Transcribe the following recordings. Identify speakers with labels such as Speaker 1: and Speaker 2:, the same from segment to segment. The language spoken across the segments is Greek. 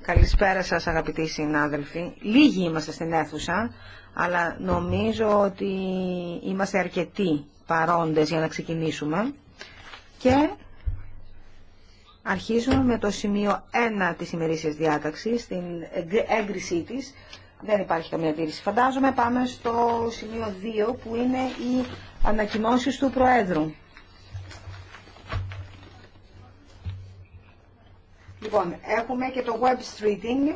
Speaker 1: Καλησπέρα σας αγαπητοί συνάδελφοι. Λίγοι είμαστε στην αίθουσα, αλλά νομίζω ότι είμαστε αρκετοί παρόντες για να ξεκινήσουμε. Και αρχίζουμε με το σημείο 1 της ημερήσιας διάταξης, την έγκρισή της. Δεν υπάρχει καμία τήρηση. Φαντάζομαι πάμε στο σημείο 2 που είναι οι ανακοινώσει του Προέδρου. Λοιπόν, έχουμε και το web streaming,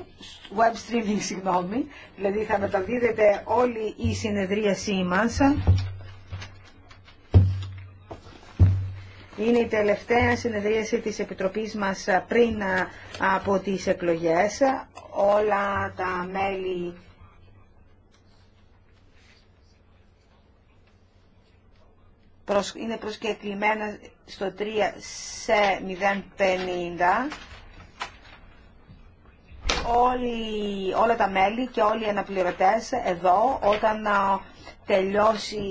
Speaker 1: web streaming συγγνώμη, δηλαδή θα μεταδίδεται όλη η συνεδρίασή μας. Είναι η τελευταία συνεδρίαση της Επιτροπής μας πριν από τις εκλογές. Όλα τα μέλη είναι προσκεκλημένα στο 3 σε 050 όλοι, όλα τα μέλη και όλοι οι αναπληρωτές εδώ όταν τελειώσει,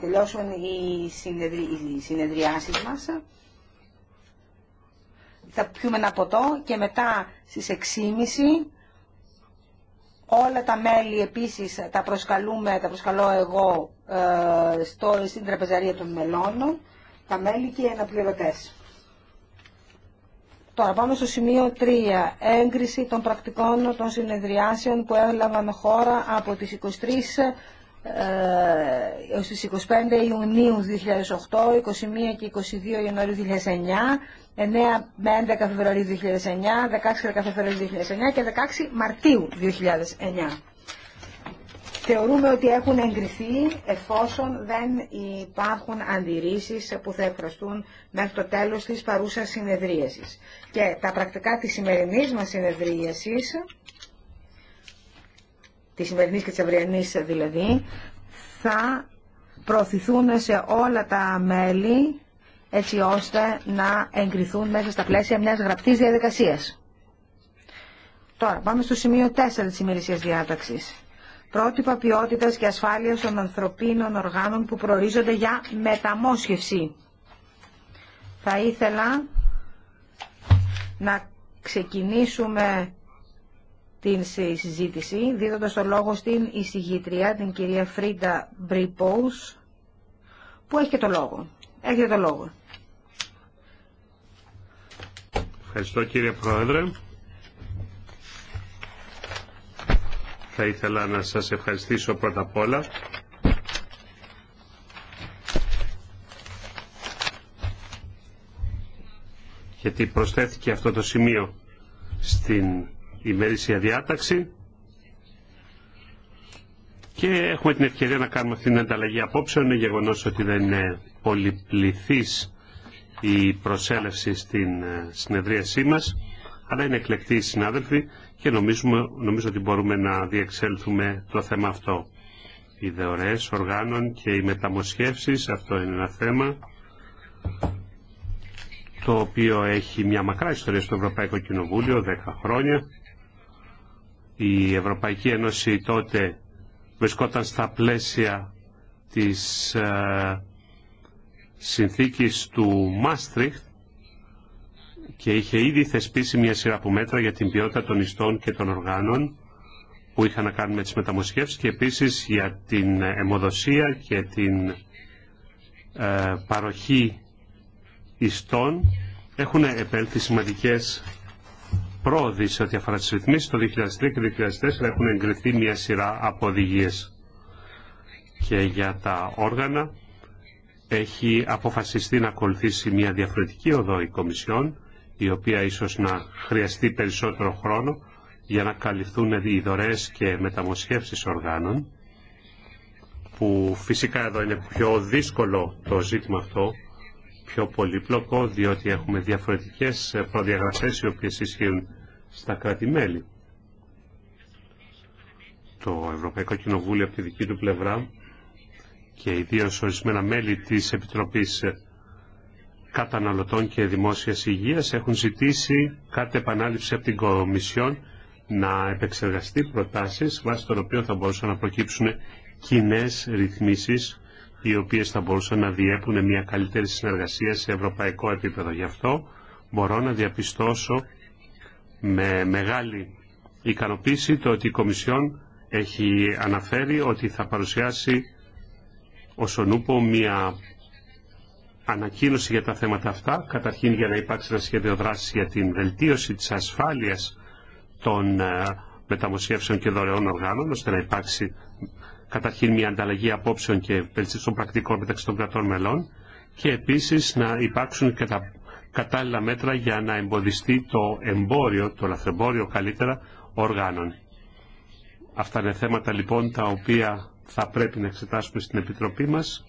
Speaker 1: τελειώσουν οι, συνεδρι, οι συνεδριάσεις μας. Θα πιούμε ένα ποτό και μετά στις 6.30 όλα τα μέλη επίσης τα προσκαλούμε, τα προσκαλώ εγώ ε, στο, στην τραπεζαρία των μελών, τα μέλη και οι αναπληρωτές. Τώρα πάμε στο σημείο 3. Έγκριση των πρακτικών των συνεδριάσεων που έλαβαν χώρα από τις 23 ε, έως τις 25 Ιουνίου 2008, 21 και 22 Ιανουαρίου 2009, 9 με 11 Φεβρουαρίου 2009, 16 Φεβρουαρίου 2009 και 16 Μαρτίου 2009 θεωρούμε ότι έχουν εγκριθεί εφόσον δεν υπάρχουν αντιρρήσεις που θα εκφραστούν μέχρι το τέλος της παρούσας συνεδρίασης. Και τα πρακτικά της σημερινής μας συνεδρίασης, της σημερινής και της αυριανής δηλαδή, θα προωθηθούν σε όλα τα μέλη έτσι ώστε να εγκριθούν μέσα στα πλαίσια μιας γραπτής διαδικασίας. Τώρα πάμε στο σημείο 4 της ημερησίας διάταξης πρότυπα ποιοτητα και ασφάλεια των ανθρωπίνων οργάνων που προορίζονται για μεταμόσχευση. Θα ήθελα να ξεκινήσουμε την συζήτηση, δίδοντας το λόγο στην εισηγήτρια, την κυρία Φρίντα Μπριπόους, που έχει και το λόγο. Έχετε το λόγο.
Speaker 2: Ευχαριστώ κύριε Πρόεδρε. θα ήθελα να σας ευχαριστήσω πρώτα απ' όλα γιατί προσθέθηκε αυτό το σημείο στην ημερήσια διάταξη και έχουμε την ευκαιρία να κάνουμε την ανταλλαγή απόψε. Είναι γεγονός ότι δεν είναι πολυπληθής η προσέλευση στην συνεδρίασή μας, αλλά είναι εκλεκτοί οι συνάδελφοι και νομίζουμε, νομίζω ότι μπορούμε να διεξέλθουμε το θέμα αυτό. Οι δεωρές οργάνων και οι μεταμοσχεύσεις, αυτό είναι ένα θέμα το οποίο έχει μια μακρά ιστορία στο Ευρωπαϊκό Κοινοβούλιο, 10 χρόνια. Η Ευρωπαϊκή Ένωση τότε βρισκόταν στα πλαίσια της ε, συνθήκης του Μάστριχτ και είχε ήδη θεσπίσει μια σειρά από μέτρα για την ποιότητα των ιστών και των οργάνων που είχαν να κάνουν με τις μεταμοσχεύσεις και επίσης για την αιμοδοσία και την ε, παροχή ιστών έχουν επέλθει σημαντικές πρόοδοι σε ό,τι αφορά τις ρυθμίσεις. Το 2003 και 2004 έχουν εγκριθεί μια σειρά από οδηγίες. Και για τα όργανα έχει αποφασιστεί να ακολουθήσει μια διαφορετική οδό η Κομισιόν η οποία ίσως να χρειαστεί περισσότερο χρόνο για να καλυφθούν οι δωρεές και μεταμοσχεύσεις οργάνων, που φυσικά εδώ είναι πιο δύσκολο το ζήτημα αυτό, πιο πολύπλοκο, διότι έχουμε διαφορετικές προδιαγραφές οι οποίες ισχύουν στα κράτη-μέλη. Το Ευρωπαϊκό Κοινοβούλιο από τη δική του πλευρά και ιδίω ορισμένα μέλη της Επιτροπής καταναλωτών και δημόσιας υγείας έχουν ζητήσει κάτι επανάληψη από την Κομισιόν να επεξεργαστεί προτάσεις βάσει των οποίων θα μπορούσαν να προκύψουν κοινέ ρυθμίσεις οι οποίες θα μπορούσαν να διέπουν μια καλύτερη συνεργασία σε ευρωπαϊκό επίπεδο. Γι' αυτό μπορώ να διαπιστώσω με μεγάλη ικανοποίηση το ότι η Κομισιόν έχει αναφέρει ότι θα παρουσιάσει ως Νούπο μια ανακοίνωση για τα θέματα αυτά, καταρχήν για να υπάρξει ένα σχέδιο δράση για την βελτίωση της ασφάλειας των ε, μεταμοσχεύσεων και δωρεών οργάνων, ώστε να υπάρξει καταρχήν μια ανταλλαγή απόψεων και πελσίστων πρακτικών μεταξύ των κρατών μελών και επίσης να υπάρξουν και τα κατάλληλα μέτρα για να εμποδιστεί το εμπόριο, το λαθρεμπόριο καλύτερα, οργάνων. Αυτά είναι θέματα λοιπόν τα οποία θα πρέπει να εξετάσουμε στην Επιτροπή μας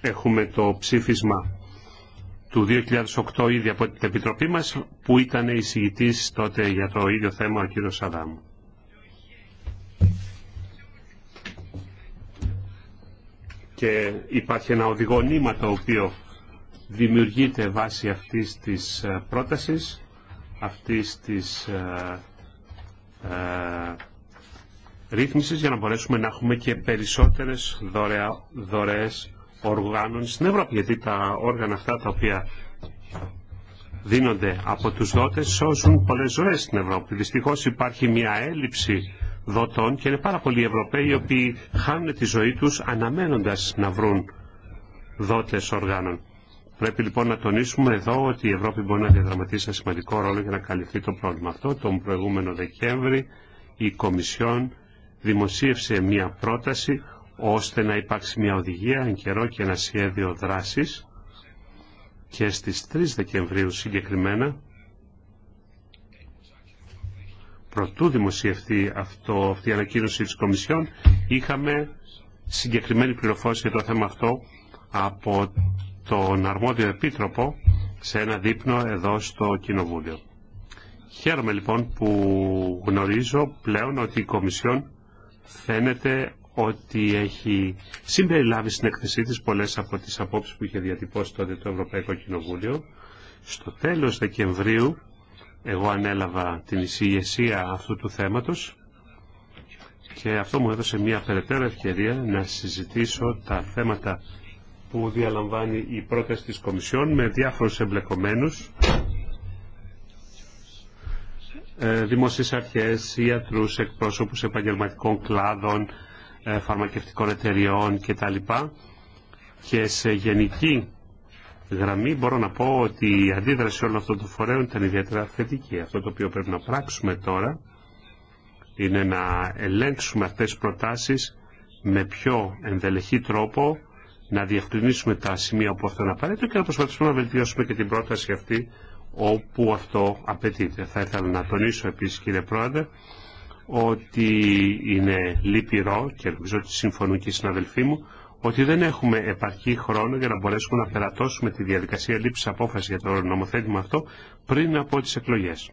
Speaker 2: έχουμε το ψήφισμα του 2008 ήδη από την Επιτροπή μας που ήταν εισηγητής τότε για το ίδιο θέμα ο κύριος Σαδάμου. Και υπάρχει ένα οδηγό νήμα το οποίο δημιουργείται βάσει αυτής της ε, πρότασης, αυτής της ε, ε για να μπορέσουμε να έχουμε και περισσότερες δωρεά, οργάνων στην Ευρώπη, γιατί τα όργανα αυτά τα οποία δίνονται από τους δότες σώζουν πολλές ζωές στην Ευρώπη. Δυστυχώς υπάρχει μια έλλειψη δοτών και είναι πάρα πολλοί Ευρωπαίοι οι οποίοι χάνουν τη ζωή τους αναμένοντας να βρουν δότες οργάνων. Πρέπει λοιπόν να τονίσουμε εδώ ότι η Ευρώπη μπορεί να διαδραματίσει ένα σημαντικό ρόλο για να καλυφθεί το πρόβλημα αυτό. Τον προηγούμενο Δεκέμβρη η Κομισιόν δημοσίευσε μια πρόταση ώστε να υπάρξει μια οδηγία εν καιρό και ένα σχέδιο δράσης και στις 3 Δεκεμβρίου συγκεκριμένα προτού δημοσιευτεί αυτό, αυτή η ανακοίνωση της Κομισιόν είχαμε συγκεκριμένη πληροφόρηση για το θέμα αυτό από τον αρμόδιο επίτροπο σε ένα δείπνο εδώ στο Κοινοβούλιο. Χαίρομαι λοιπόν που γνωρίζω πλέον ότι η Κομισιόν φαίνεται ότι έχει συμπεριλάβει στην έκθεσή της πολλές από τις απόψεις που είχε διατυπώσει τότε το Ευρωπαϊκό Κοινοβούλιο. Στο τέλος Δεκεμβρίου εγώ ανέλαβα την εισηγεσία αυτού του θέματος και αυτό μου έδωσε μια περαιτέρω ευκαιρία να συζητήσω τα θέματα που διαλαμβάνει η πρόταση της Κομισιόν με διάφορους εμπλεκομένους ε, δημοσίες αρχές, ιατρούς, εκπρόσωπους επαγγελματικών κλάδων, ε, φαρμακευτικών εταιριών κτλ. Και σε γενική γραμμή μπορώ να πω ότι η αντίδραση όλων αυτών των φορέων ήταν ιδιαίτερα θετική. Αυτό το οποίο πρέπει να πράξουμε τώρα είναι να ελέγξουμε αυτές τις προτάσεις με πιο ενδελεχή τρόπο, να διευκρινίσουμε τα σημεία που αυτό είναι απαραίτητο και να προσπαθήσουμε να βελτιώσουμε και την πρόταση αυτή όπου αυτό απαιτείται. Θα ήθελα να τονίσω επίσης κύριε Πρόεδρε ότι είναι λυπηρό και ελπίζω ότι συμφωνούν και οι συναδελφοί μου ότι δεν έχουμε επαρκή χρόνο για να μπορέσουμε να περατώσουμε τη διαδικασία λήψη απόφασης για το νομοθέτημα αυτό πριν από τις εκλογές.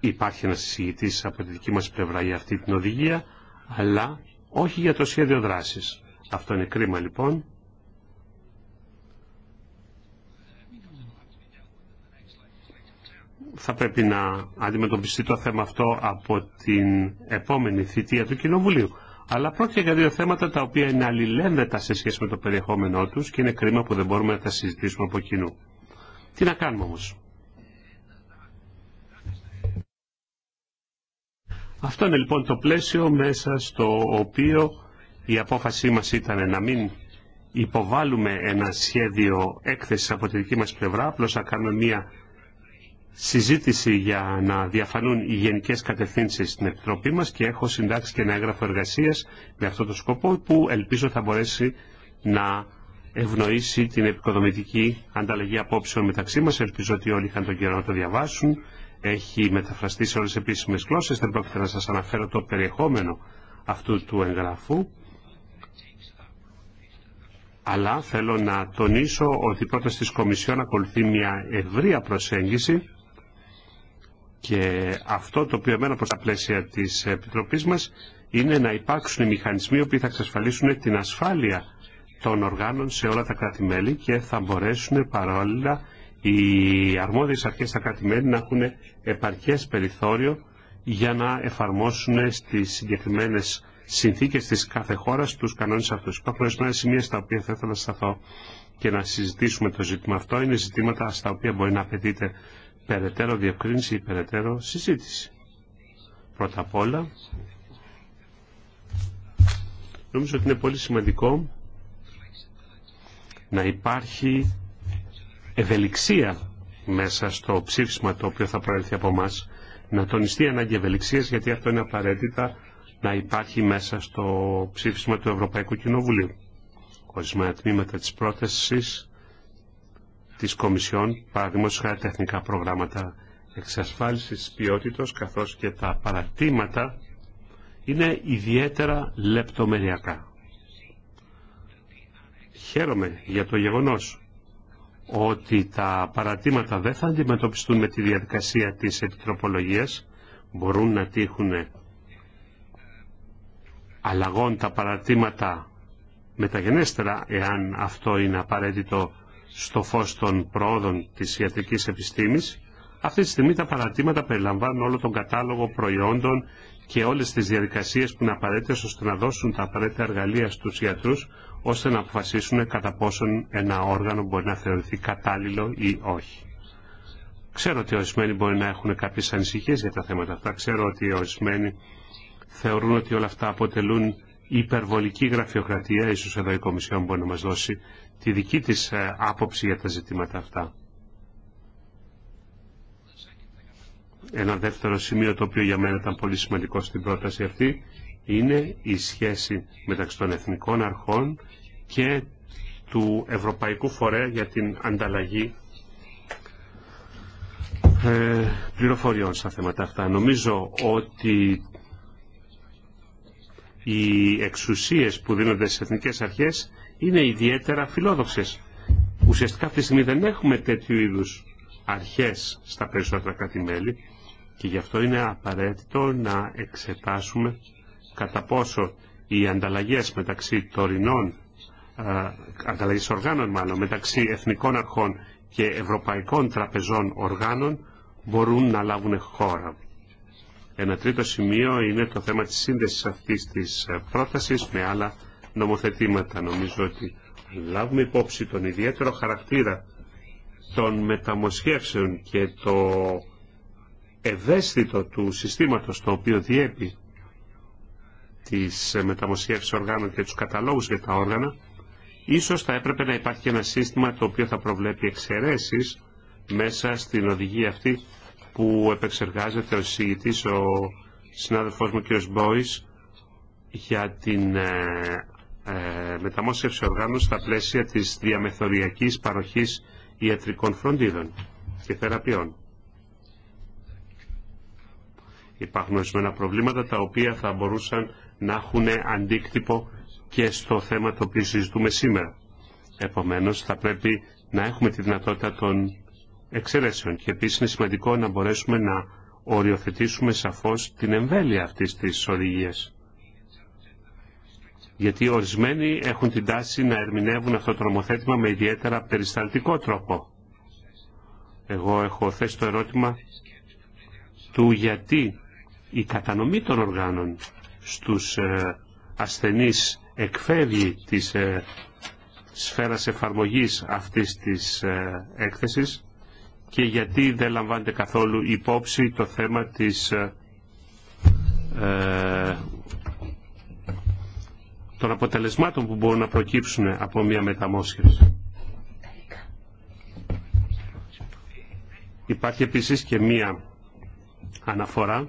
Speaker 2: Υπάρχει ένα συζητητής από τη δική μας πλευρά για αυτή την οδηγία, αλλά όχι για το σχέδιο δράσης. Αυτό είναι κρίμα λοιπόν. θα πρέπει να αντιμετωπιστεί το θέμα αυτό από την επόμενη θητεία του Κοινοβουλίου. Αλλά πρόκειται για δύο θέματα τα οποία είναι αλληλένδετα σε σχέση με το περιεχόμενό τους και είναι κρίμα που δεν μπορούμε να τα συζητήσουμε από κοινού. Τι να κάνουμε όμως. Αυτό είναι λοιπόν το πλαίσιο μέσα στο οποίο η απόφασή μας ήταν να μην υποβάλουμε ένα σχέδιο έκθεσης από τη δική μας πλευρά, απλώς να κάνουμε μια συζήτηση για να διαφανούν οι γενικές κατευθύνσεις στην Επιτροπή μας και έχω συντάξει και ένα έγγραφο εργασίας με αυτό το σκοπό που ελπίζω θα μπορέσει να ευνοήσει την επικοδομητική ανταλλαγή απόψεων μεταξύ μας. Ελπίζω ότι όλοι είχαν τον καιρό να το διαβάσουν. Έχει μεταφραστεί σε όλες τις επίσημες γλώσσες. Δεν πρόκειται να σας αναφέρω το περιεχόμενο αυτού του εγγραφού. Αλλά θέλω να τονίσω ότι πρώτα στις Κομισιόν ακολουθεί μια ευρεία προσέγγιση και αυτό το οποίο εμένα προς τα πλαίσια της Επιτροπής μας είναι να υπάρξουν οι μηχανισμοί οποίοι θα εξασφαλίσουν την ασφάλεια των οργάνων σε όλα τα κράτη-μέλη και θα μπορέσουν παρόλα οι αρμόδιες αρχές στα κράτη-μέλη να έχουν επαρκές περιθώριο για να εφαρμόσουν στις συγκεκριμένες συνθήκες της κάθε χώρας τους κανόνες αυτούς. Υπάρχουν ορισμένα σημεία στα οποία θα ήθελα να σταθώ και να συζητήσουμε το ζήτημα αυτό. Είναι ζητήματα στα οποία μπορεί να απαιτείται περαιτέρω διευκρίνηση ή περαιτέρω συζήτηση. Πρώτα απ' όλα, νομίζω ότι είναι πολύ σημαντικό να υπάρχει ευελιξία μέσα στο ψήφισμα το οποίο θα προέλθει από εμά. Να τονιστεί η ανάγκη ευελιξίας γιατί αυτό είναι απαραίτητα να υπάρχει μέσα στο ψήφισμα του Ευρωπαϊκού Κοινοβουλίου. Ορισμένα τμήματα της πρότασης της Κομισιόν, παραδείγματος χάρη τεχνικά προγράμματα εξασφάλισης ποιότητος, καθώς και τα παρατήματα είναι ιδιαίτερα λεπτομεριακά. Χαίρομαι για το γεγονός ότι τα παρατήματα δεν θα αντιμετωπιστούν με τη διαδικασία της επιτροπολογίας, μπορούν να τύχουν αλλαγών τα παρατήματα μεταγενέστερα, εάν αυτό είναι απαραίτητο στο φως των προόδων της ιατρικής επιστήμης. Αυτή τη στιγμή τα παρατήματα περιλαμβάνουν όλο τον κατάλογο προϊόντων και όλες τις διαδικασίες που είναι απαραίτητες ώστε να δώσουν τα απαραίτητα εργαλεία στους γιατρούς ώστε να αποφασίσουν κατά πόσον ένα όργανο μπορεί να θεωρηθεί κατάλληλο ή όχι. Ξέρω ότι ορισμένοι μπορεί να έχουν κάποιες ανησυχίες για τα θέματα αυτά. Ξέρω ότι ορισμένοι θεωρούν ότι όλα αυτά αποτελούν υπερβολική γραφειοκρατία. Ίσως εδώ η Κομισιόν μπορεί να μας δώσει τη δική της ε, άποψη για τα ζητήματα αυτά. Ένα δεύτερο σημείο το οποίο για μένα ήταν πολύ σημαντικό στην πρόταση αυτή είναι η σχέση μεταξύ των εθνικών αρχών και του Ευρωπαϊκού Φορέα για την ανταλλαγή ε, πληροφοριών στα θέματα αυτά. Νομίζω ότι οι εξουσίες που δίνονται στις εθνικές αρχές είναι ιδιαίτερα φιλόδοξες. Ουσιαστικά αυτή τη στιγμή δεν έχουμε τέτοιου είδους αρχές στα περισσότερα και γι' αυτό είναι απαραίτητο να εξετάσουμε κατά πόσο οι ανταλλαγές μεταξύ τωρινών, ε, ανταλλαγές οργάνων μάλλον, μεταξύ εθνικών αρχών και ευρωπαϊκών τραπεζών οργάνων μπορούν να λάβουν χώρα. Ένα τρίτο σημείο είναι το θέμα της σύνδεσης αυτής της ε, πρότασης με άλλα νομοθετήματα. Νομίζω ότι λάβουμε υπόψη τον ιδιαίτερο χαρακτήρα των μεταμοσχεύσεων και το ευαίσθητο του συστήματος το οποίο διέπει τις μεταμοσχεύσεις οργάνων και τους καταλόγους για τα όργανα, ίσως θα έπρεπε να υπάρχει ένα σύστημα το οποίο θα προβλέπει εξαιρέσεις μέσα στην οδηγία αυτή που επεξεργάζεται ο συζητητής, ο συνάδελφός μου κ. Μπόης, για την ε, ε, μεταμόσχευση οργάνων στα πλαίσια της διαμεθοριακής παροχής ιατρικών φροντίδων και θεραπείων. Υπάρχουν ορισμένα προβλήματα τα οποία θα μπορούσαν να έχουν αντίκτυπο και στο θέμα το οποίο συζητούμε σήμερα. Επομένως θα πρέπει να έχουμε τη δυνατότητα των εξαιρέσεων και επίσης είναι σημαντικό να μπορέσουμε να οριοθετήσουμε σαφώς την εμβέλεια αυτής της οδηγίας γιατί ορισμένοι έχουν την τάση να ερμηνεύουν αυτό το νομοθέτημα με ιδιαίτερα περισταλτικό τρόπο. Εγώ έχω θέσει το ερώτημα του γιατί η κατανομή των οργάνων στους ε, ασθενείς εκφεύγει της ε, σφαίρας εφαρμογής αυτής της ε, έκθεσης και γιατί δεν λαμβάνεται καθόλου υπόψη το θέμα της των αποτελεσμάτων που μπορούν να προκύψουν από μια μεταμόσχευση. Υπάρχει επίσης και μία αναφορά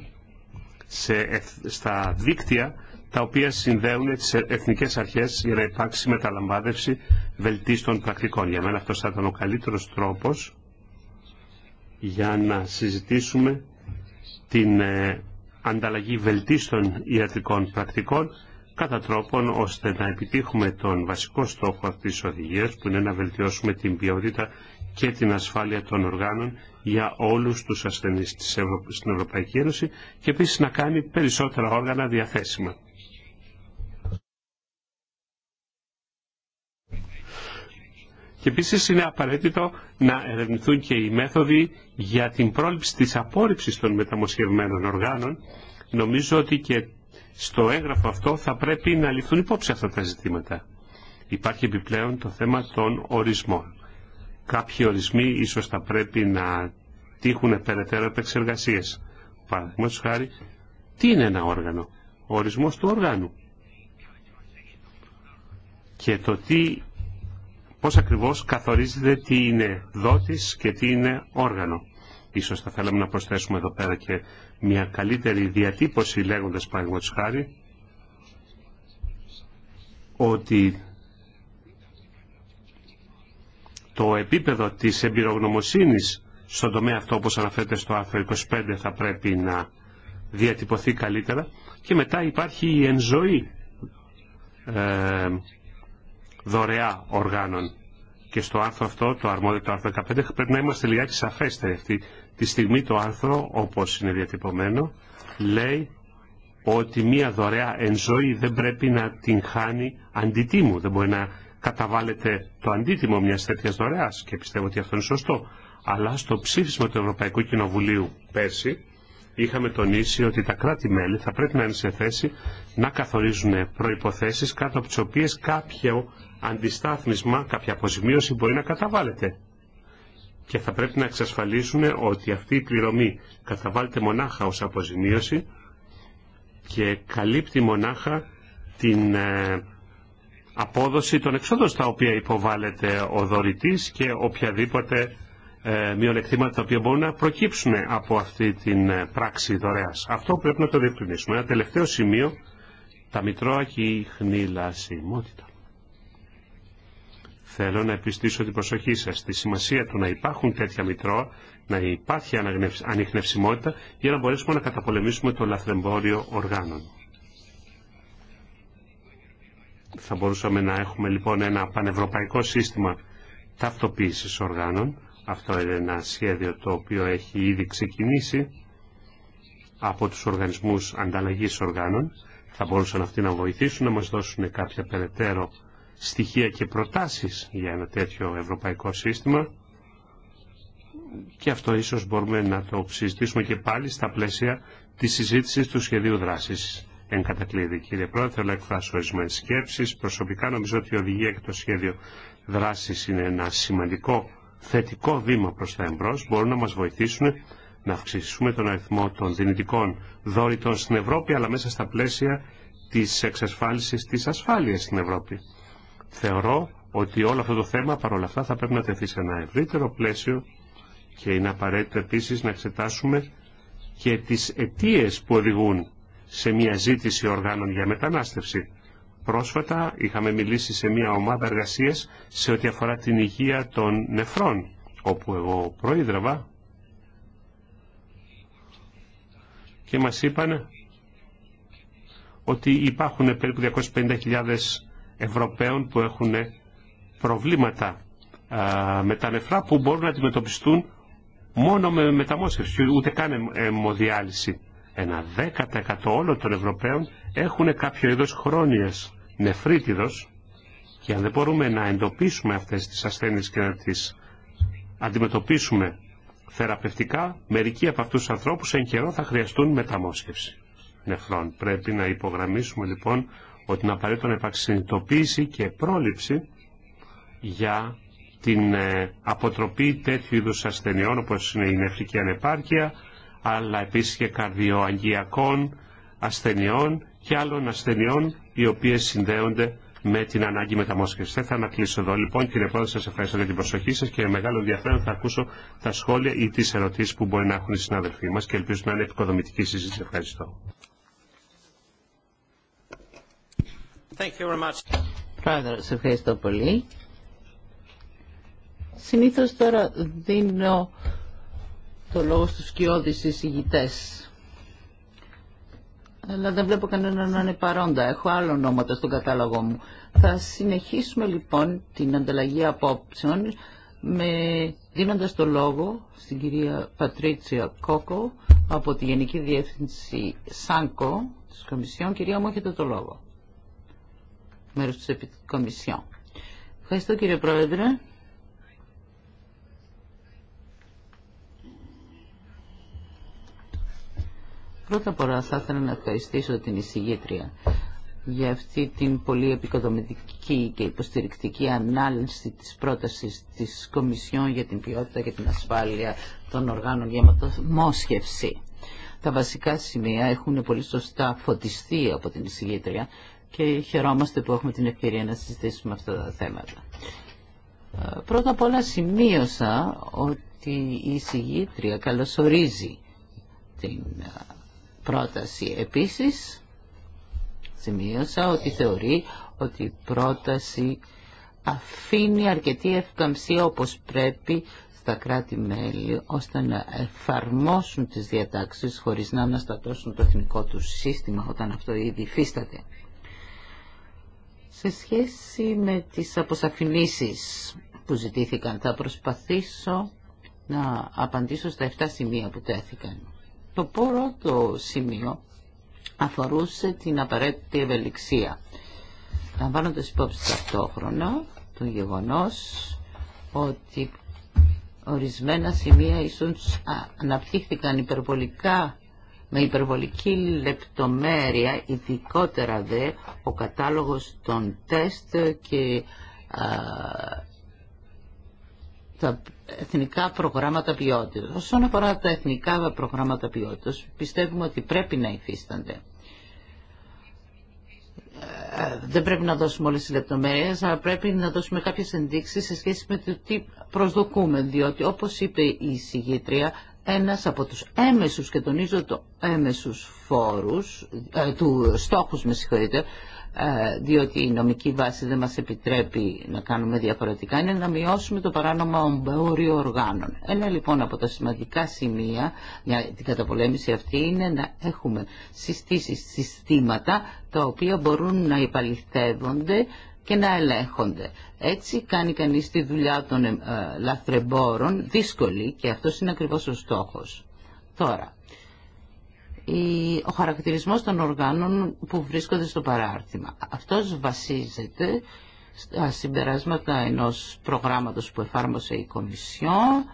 Speaker 2: σε, στα δίκτυα τα οποία συνδέουν τις ε, εθνικές αρχές για να υπάρξει μεταλαμβάνευση βελτίστων πρακτικών. Για μένα αυτός θα ήταν ο καλύτερος τρόπος για να συζητήσουμε την ε, ανταλλαγή βελτίστων ιατρικών πρακτικών κατά τρόπον ώστε να επιτύχουμε τον βασικό στόχο αυτής της οδηγίας που είναι να βελτιώσουμε την ποιότητα και την ασφάλεια των οργάνων για όλους τους ασθενείς της Ευρω... στην Ευρωπαϊκή Ένωση και επίσης να κάνει περισσότερα όργανα διαθέσιμα. Και επίσης είναι απαραίτητο να ερευνηθούν και οι μέθοδοι για την πρόληψη της απόρριψης των μεταμοσχευμένων οργάνων. Νομίζω ότι και στο έγγραφο αυτό θα πρέπει να ληφθούν υπόψη αυτά τα ζητήματα. Υπάρχει επιπλέον το θέμα των ορισμών. Κάποιοι ορισμοί ίσως θα πρέπει να τύχουν περαιτέρω επεξεργασίες. Παραδείγματος χάρη, τι είναι ένα όργανο. Ο ορισμός του όργανου. Και το τι, πώς ακριβώς καθορίζεται τι είναι δότης και τι είναι όργανο. Ίσως θα θέλαμε να προσθέσουμε εδώ πέρα και μια καλύτερη διατύπωση λέγοντας παραδείγματος χάρη ότι το επίπεδο της εμπειρογνωμοσύνης στον τομέα αυτό όπως αναφέρεται στο άρθρο 25 θα πρέπει να διατυπωθεί καλύτερα και μετά υπάρχει η ενζωή ε, δωρεά οργάνων και στο άρθρο αυτό, το αρμόδιο του άρθρο 15, πρέπει να είμαστε λιγάκι σαφέστεροι. Αυτή Τη στιγμή το άρθρο, όπως είναι διατυπωμένο, λέει ότι μία δωρεά εν ζωή δεν πρέπει να την χάνει αντιτίμου. Δεν μπορεί να καταβάλλεται το αντίτιμο μια τέτοια δωρεά και πιστεύω ότι αυτό είναι σωστό. Αλλά στο ψήφισμα του Ευρωπαϊκού Κοινοβουλίου πέρσι είχαμε τονίσει ότι τα κράτη-μέλη θα πρέπει να είναι σε θέση να καθορίζουν προϋποθέσεις κάτω από τις οποίες κάποιο αντιστάθμισμα, κάποια αποζημίωση μπορεί να καταβάλλεται και θα πρέπει να εξασφαλίσουμε ότι αυτή η πληρωμή καταβάλλεται μονάχα ως αποζημίωση και καλύπτει μονάχα την ε, απόδοση των εξόδων στα οποία υποβάλλεται ο δωρητής και οποιαδήποτε ε, μειονεκτήματα τα οποία μπορούν να προκύψουν από αυτή την ε, πράξη δωρεάς. Αυτό πρέπει να το διευκρινίσουμε. Ένα τελευταίο σημείο, τα μητρώα και η χνηλασιμότητα. Θέλω να επιστήσω την προσοχή σας στη σημασία του να υπάρχουν τέτοια μητρώα, να υπάρχει ανιχνευσιμότητα για να μπορέσουμε να καταπολεμήσουμε το λαθρεμπόριο οργάνων. Θα μπορούσαμε να έχουμε λοιπόν ένα πανευρωπαϊκό σύστημα ταυτοποίησης οργάνων. Αυτό είναι ένα σχέδιο το οποίο έχει ήδη ξεκινήσει από τους οργανισμούς ανταλλαγής οργάνων. Θα μπορούσαν αυτοί να βοηθήσουν, να μας δώσουν κάποια περαιτέρω στοιχεία και προτάσεις για ένα τέτοιο ευρωπαϊκό σύστημα και αυτό ίσως μπορούμε να το συζητήσουμε και πάλι στα πλαίσια της συζήτησης του σχεδίου δράσης. Εν κατακλείδη, κύριε Πρόεδρε, θέλω να εκφράσω ορισμένε σκέψει. Προσωπικά νομίζω ότι η οδηγία και το σχέδιο δράση είναι ένα σημαντικό θετικό βήμα προ τα εμπρό. Μπορούν να μα βοηθήσουν να αυξήσουμε τον αριθμό των δυνητικών δόρυτων στην Ευρώπη, αλλά μέσα στα πλαίσια τη εξασφάλιση τη ασφάλεια στην Ευρώπη θεωρώ ότι όλο αυτό το θέμα παρόλα αυτά θα πρέπει να τεθεί σε ένα ευρύτερο πλαίσιο και είναι απαραίτητο επίσης να εξετάσουμε και τις αιτίες που οδηγούν σε μια ζήτηση οργάνων για μετανάστευση. Πρόσφατα είχαμε μιλήσει σε μια ομάδα εργασίας σε ό,τι αφορά την υγεία των νεφρών, όπου εγώ προείδρευα και μας είπαν ότι υπάρχουν περίπου 250.000 Ευρωπαίων που έχουν προβλήματα με τα νεφρά που μπορούν να αντιμετωπιστούν μόνο με μεταμόσχευση, ούτε καν αιμοδιάλυση. Ένα 10% όλων των Ευρωπαίων έχουν κάποιο είδος χρόνιας νεφρίτιδος και αν δεν μπορούμε να εντοπίσουμε αυτές τις ασθένειες και να τις αντιμετωπίσουμε θεραπευτικά, μερικοί από αυτούς τους ανθρώπους εν καιρό θα χρειαστούν μεταμόσχευση νεφρών. Πρέπει να υπογραμμίσουμε λοιπόν ότι είναι απαραίτητο να υπάρξει συνειδητοποίηση και πρόληψη για την ε, αποτροπή τέτοιου είδους ασθενειών όπως είναι η νεφρική ανεπάρκεια αλλά επίσης και καρδιοαγγειακών ασθενειών και άλλων ασθενειών οι οποίες συνδέονται με την ανάγκη μεταμόσχευση. Θα ανακλείσω εδώ λοιπόν κύριε Πρόεδρε, σα ευχαριστώ για την προσοχή σας και με μεγάλο ενδιαφέρον θα ακούσω τα σχόλια ή τις ερωτήσεις που μπορεί να έχουν οι συναδελφοί μα και ελπίζω να είναι επικοδομητική συζήτηση. Ευχαριστώ.
Speaker 3: Thank you very much. ευχαριστώ πολύ. Συνήθως τώρα δίνω το λόγο στους κοιόδης εισηγητές. Αλλά δεν βλέπω κανέναν να είναι παρόντα. Έχω άλλο ονόματα στον κατάλογο μου. Θα συνεχίσουμε λοιπόν την ανταλλαγή απόψεων με, δίνοντας το λόγο στην κυρία Πατρίτσια Κόκο από τη Γενική Διεύθυνση ΣΑΝΚΟ της Κομισιόν. Κυρία μου, έχετε το λόγο μέρος της Κομισιόν. Ευχαριστώ κύριε Πρόεδρε. Πρώτα απ' όλα θα ήθελα να ευχαριστήσω την εισηγήτρια για αυτή την πολύ επικοδομητική και υποστηρικτική ανάλυση της πρότασης της Κομισιόν για την ποιότητα και την ασφάλεια των οργάνων για μόσχευση. Τα βασικά σημεία έχουν πολύ σωστά φωτιστεί από την εισηγήτρια και χαιρόμαστε που έχουμε την ευκαιρία να συζητήσουμε αυτά τα θέματα. Ε, πρώτα απ' όλα σημείωσα ότι η συγγήτρια καλωσορίζει την ε, πρόταση. Επίσης, σημείωσα ότι θεωρεί ότι η πρόταση αφήνει αρκετή ευκαμψία όπως πρέπει στα κράτη-μέλη ώστε να εφαρμόσουν τις διατάξεις χωρίς να αναστατώσουν το εθνικό του σύστημα όταν αυτό ήδη υφίσταται. Σε σχέση με τις αποσαφηνίσεις που ζητήθηκαν θα προσπαθήσω να απαντήσω στα 7 σημεία που τέθηκαν. Το πρώτο σημείο αφορούσε την απαραίτητη ευελιξία. Λαμβάνοντας υπόψη ταυτόχρονα το γεγονός ότι ορισμένα σημεία ίσως αναπτύχθηκαν υπερβολικά με υπερβολική λεπτομέρεια, ειδικότερα δε ο κατάλογος των τεστ και τα εθνικά προγράμματα ποιότητας. Όσον αφορά τα εθνικά προγράμματα ποιότητας, πιστεύουμε ότι πρέπει να υφίστανται. Δεν πρέπει να δώσουμε όλες τις λεπτομέρειες, αλλά πρέπει να δώσουμε κάποιες ενδείξεις σε σχέση με το τι προσδοκούμε, διότι όπως είπε η συγγήτρια, ένας από τους έμεσους και τονίζω το έμεσους φόρους, ε, του στόχους με συγχωρείτε, ε, διότι η νομική βάση δεν μας επιτρέπει να κάνουμε διαφορετικά, είναι να μειώσουμε το παράνομο ομπόριο οργάνων. Ένα λοιπόν από τα σημαντικά σημεία για την καταπολέμηση αυτή είναι να έχουμε συστήσεις, συστήματα τα οποία μπορούν να υπαλληθεύονται και να ελέγχονται. Έτσι κάνει κανείς τη δουλειά των ε, λαθρεμπόρων δύσκολη και αυτό είναι ακριβώς ο στόχος. Τώρα, ο χαρακτηρισμός των οργάνων που βρίσκονται στο παράρτημα. Αυτός βασίζεται στα συμπεράσματα ενός προγράμματος που εφάρμοσε η Κομισιόν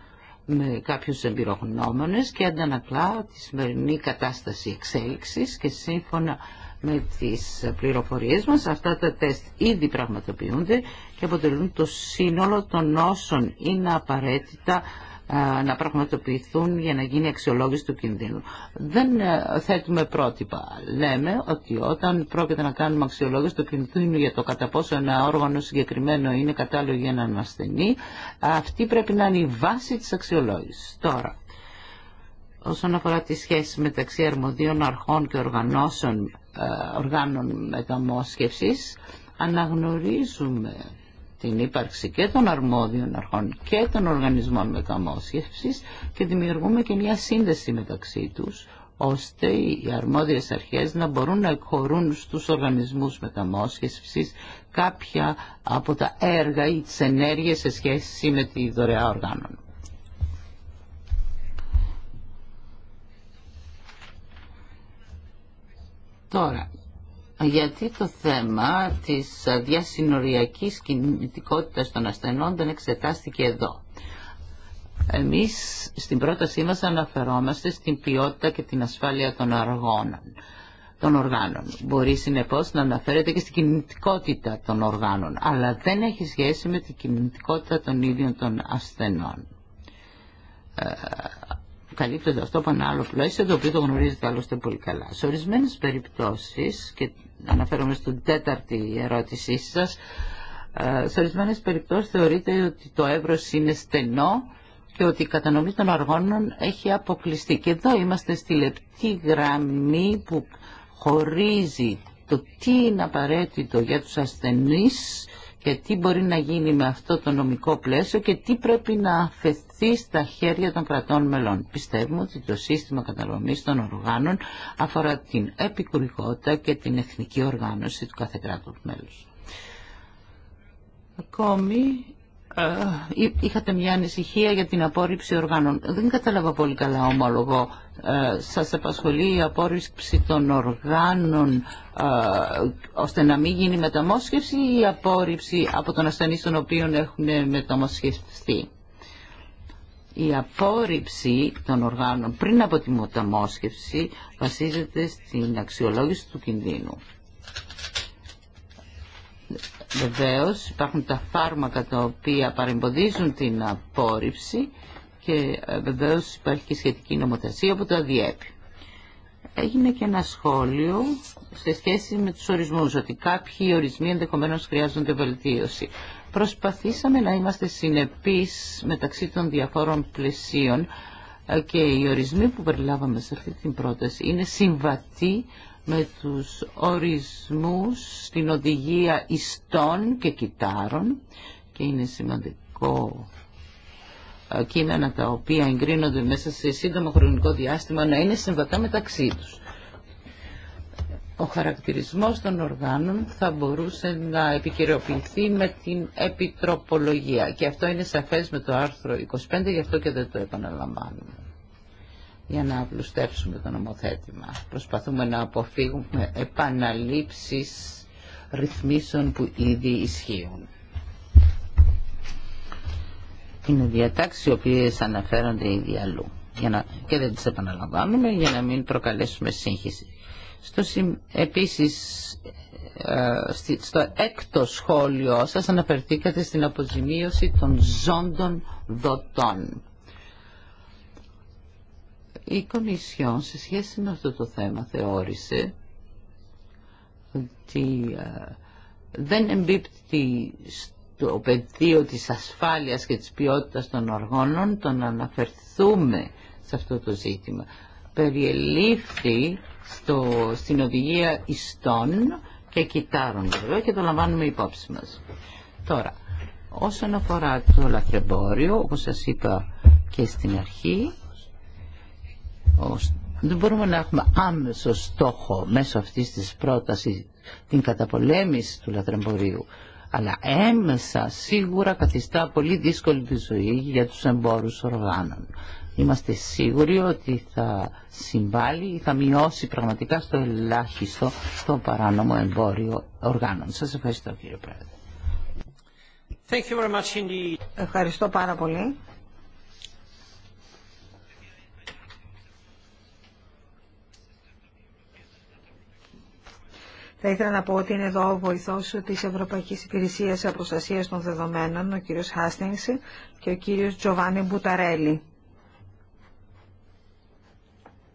Speaker 3: με κάποιους εμπειρογνώμονες και αντανακλά τη σημερινή κατάσταση εξέλιξης και σύμφωνα με τις πληροφορίες μας. Αυτά τα τεστ ήδη πραγματοποιούνται και αποτελούν το σύνολο των όσων είναι απαραίτητα να πραγματοποιηθούν για να γίνει αξιολόγηση του κινδύνου. Δεν ε, θέτουμε πρότυπα. Λέμε ότι όταν πρόκειται να κάνουμε αξιολόγηση του κινδύνου για το κατά πόσο ένα όργανο συγκεκριμένο είναι κατάλληλο για έναν ασθενή, αυτή πρέπει να είναι η βάση της αξιολόγηση. Τώρα, όσον αφορά τη σχέση μεταξύ αρμοδίων αρχών και οργανώσεων ε, οργάνων μεταμόσχευσης αναγνωρίζουμε την ύπαρξη και των αρμόδιων αρχών και των οργανισμών μεταμόσχευσης και δημιουργούμε και μια σύνδεση μεταξύ τους ώστε οι αρμόδιες αρχές να μπορούν να εκχωρούν στους οργανισμούς μεταμόσχευσης κάποια από τα έργα ή τις ενέργειες σε σχέση με τη δωρεά οργάνων. Τώρα, γιατί το θέμα της διασυνοριακής κινητικότητας των ασθενών δεν εξετάστηκε εδώ. Εμείς στην πρότασή μας αναφερόμαστε στην ποιότητα και την ασφάλεια των αργώνων των οργάνων. Μπορεί συνεπώς να αναφέρεται και στην κινητικότητα των οργάνων, αλλά δεν έχει σχέση με την κινητικότητα των ίδιων των ασθενών. Ε, καλύπτεται αυτό από ένα άλλο πλαίσιο, το οποίο το γνωρίζετε άλλωστε πολύ καλά. Σε ορισμένες περιπτώσεις, και αναφέρομαι στην τέταρτη ερώτησή σας, ε, σε ορισμένε περιπτώσεις θεωρείται ότι το εύρος είναι στενό και ότι η κατανομή των αργώνων έχει αποκλειστεί. Και εδώ είμαστε στη λεπτή γραμμή που χωρίζει το τι είναι απαραίτητο για τους ασθενείς και τι μπορεί να γίνει με αυτό το νομικό πλαίσιο και τι πρέπει να αφαιθεί στα χέρια των κρατών μελών. Πιστεύουμε ότι το σύστημα καταλωμής των οργάνων αφορά την επικουρικότητα και την εθνική οργάνωση του κάθε κράτου μέλους. Ακόμη είχατε μια ανησυχία για την απόρριψη οργάνων. Δεν κατάλαβα πολύ καλά ομολογώ. Ε, σας απασχολεί η απόρριψη των οργάνων ώστε να μην γίνει μεταμόσχευση ή η απόρριψη από τον ασθενή στον οποίο έχουν μεταμοσχευστεί. Η απόρριψη των οργάνων πριν από τη μεταμόσχευση βασίζεται στην αξιολόγηση του κινδύνου. Βεβαίω υπάρχουν τα φάρμακα τα οποία παρεμποδίζουν την απόρριψη και ε, βεβαίω υπάρχει και σχετική νομοθεσία που το διέπει. Έγινε και ένα σχόλιο σε σχέση με τους ορισμούς, ότι κάποιοι ορισμοί ενδεχομένω χρειάζονται βελτίωση. Προσπαθήσαμε να είμαστε συνεπείς μεταξύ των διαφόρων πλαισίων ε, και οι ορισμοί που περιλάβαμε σε αυτή την πρόταση είναι συμβατοί με τους ορισμούς στην οδηγία ιστών και κιτάρων και είναι σημαντικό ε, κείμενα τα οποία εγκρίνονται μέσα σε σύντομο χρονικό διάστημα να είναι συμβατά μεταξύ τους. Ο χαρακτηρισμός των οργάνων θα μπορούσε να επικαιροποιηθεί με την επιτροπολογία και αυτό είναι σαφές με το άρθρο 25, γι' αυτό και δεν το επαναλαμβάνουμε για να απλουστεύσουμε το νομοθέτημα. Προσπαθούμε να αποφύγουμε επαναλήψεις ρυθμίσεων που ήδη ισχύουν. Είναι διατάξεις οι οποίες αναφέρονται ήδη αλλού για να, και δεν τις επαναλαμβάνουμε για να μην προκαλέσουμε σύγχυση. Στο, επίσης ε, στο έκτο σχόλιο σας αναφερθήκατε στην αποζημίωση των ζώντων δοτών η Κομισιόν σε σχέση με αυτό το θέμα θεώρησε ότι ε, δεν εμπίπτει στο πεδίο της ασφάλειας και της ποιότητας των οργώνων το να αναφερθούμε σε αυτό το ζήτημα. Περιελήφθη στο, στην οδηγία ιστών και κοιτάρων και το λαμβάνουμε υπόψη μας. Τώρα, όσον αφορά το λαθρεμπόριο, όπως σας είπα και στην αρχή, δεν μπορούμε να έχουμε άμεσο στόχο μέσω αυτής της πρότασης την καταπολέμηση του λατρεμπορίου, Αλλά έμεσα σίγουρα καθιστά πολύ δύσκολη τη ζωή για τους εμπόρους οργάνων. Είμαστε σίγουροι ότι θα συμβάλλει ή θα μειώσει πραγματικά στο ελάχιστο το παράνομο εμπόριο οργάνων. Σας ευχαριστώ κύριε Πρόεδρε.
Speaker 1: Ευχαριστώ πάρα πολύ. Θα ήθελα να πω ότι είναι εδώ ο βοηθό τη Ευρωπαϊκή Υπηρεσία Αποστασία των Δεδομένων, ο κύριο Χάστινγκ και ο κύριο Τζοβάνι Μπουταρέλη.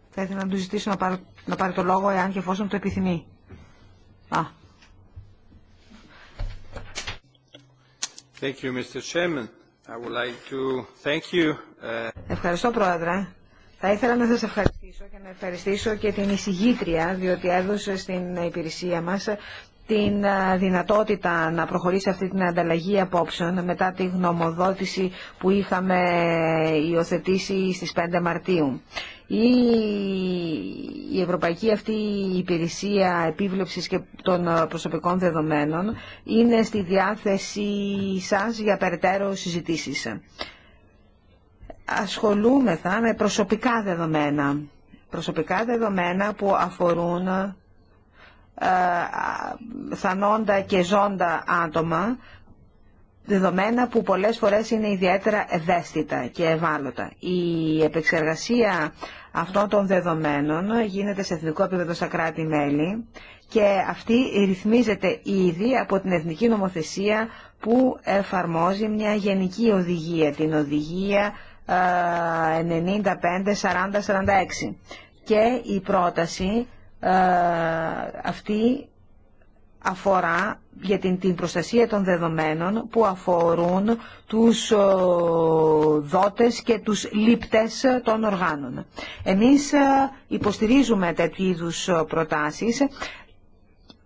Speaker 1: Θα ήθελα να του ζητήσω να πάρει, το λόγο, εάν και εφόσον το επιθυμεί. Α.
Speaker 2: Thank you, Mr. Chairman. I would like to thank you. Uh,
Speaker 1: Ευχαριστώ, Πρόεδρε. Θα ήθελα να σας ευχαριστήσω και να ευχαριστήσω και την εισηγήτρια, διότι έδωσε στην υπηρεσία μας την δυνατότητα να προχωρήσει αυτή την ανταλλαγή απόψεων μετά τη γνωμοδότηση που είχαμε υιοθετήσει στις 5 Μαρτίου. Η, η ευρωπαϊκή αυτή υπηρεσία επίβλεψης και των προσωπικών δεδομένων είναι στη διάθεση σας για περαιτέρω συζητήσεις ασχολούμεθα με προσωπικά δεδομένα. Προσωπικά δεδομένα που αφορούν ε, θανόντα και ζώντα άτομα, δεδομένα που πολλές φορές είναι ιδιαίτερα ευαίσθητα και ευάλωτα. Η επεξεργασία αυτών των δεδομένων γίνεται σε εθνικό επίπεδο στα κράτη-μέλη και αυτή ρυθμίζεται ήδη από την Εθνική Νομοθεσία που εφαρμόζει μια γενική οδηγία, την οδηγία 95-40-46. Και η πρόταση ε, αυτή αφορά για την, την προστασία των δεδομένων που αφορούν τους ε, δότες και τους λήπτες των οργάνων. Εμείς ε, υποστηρίζουμε τέτοιου είδου προτάσεις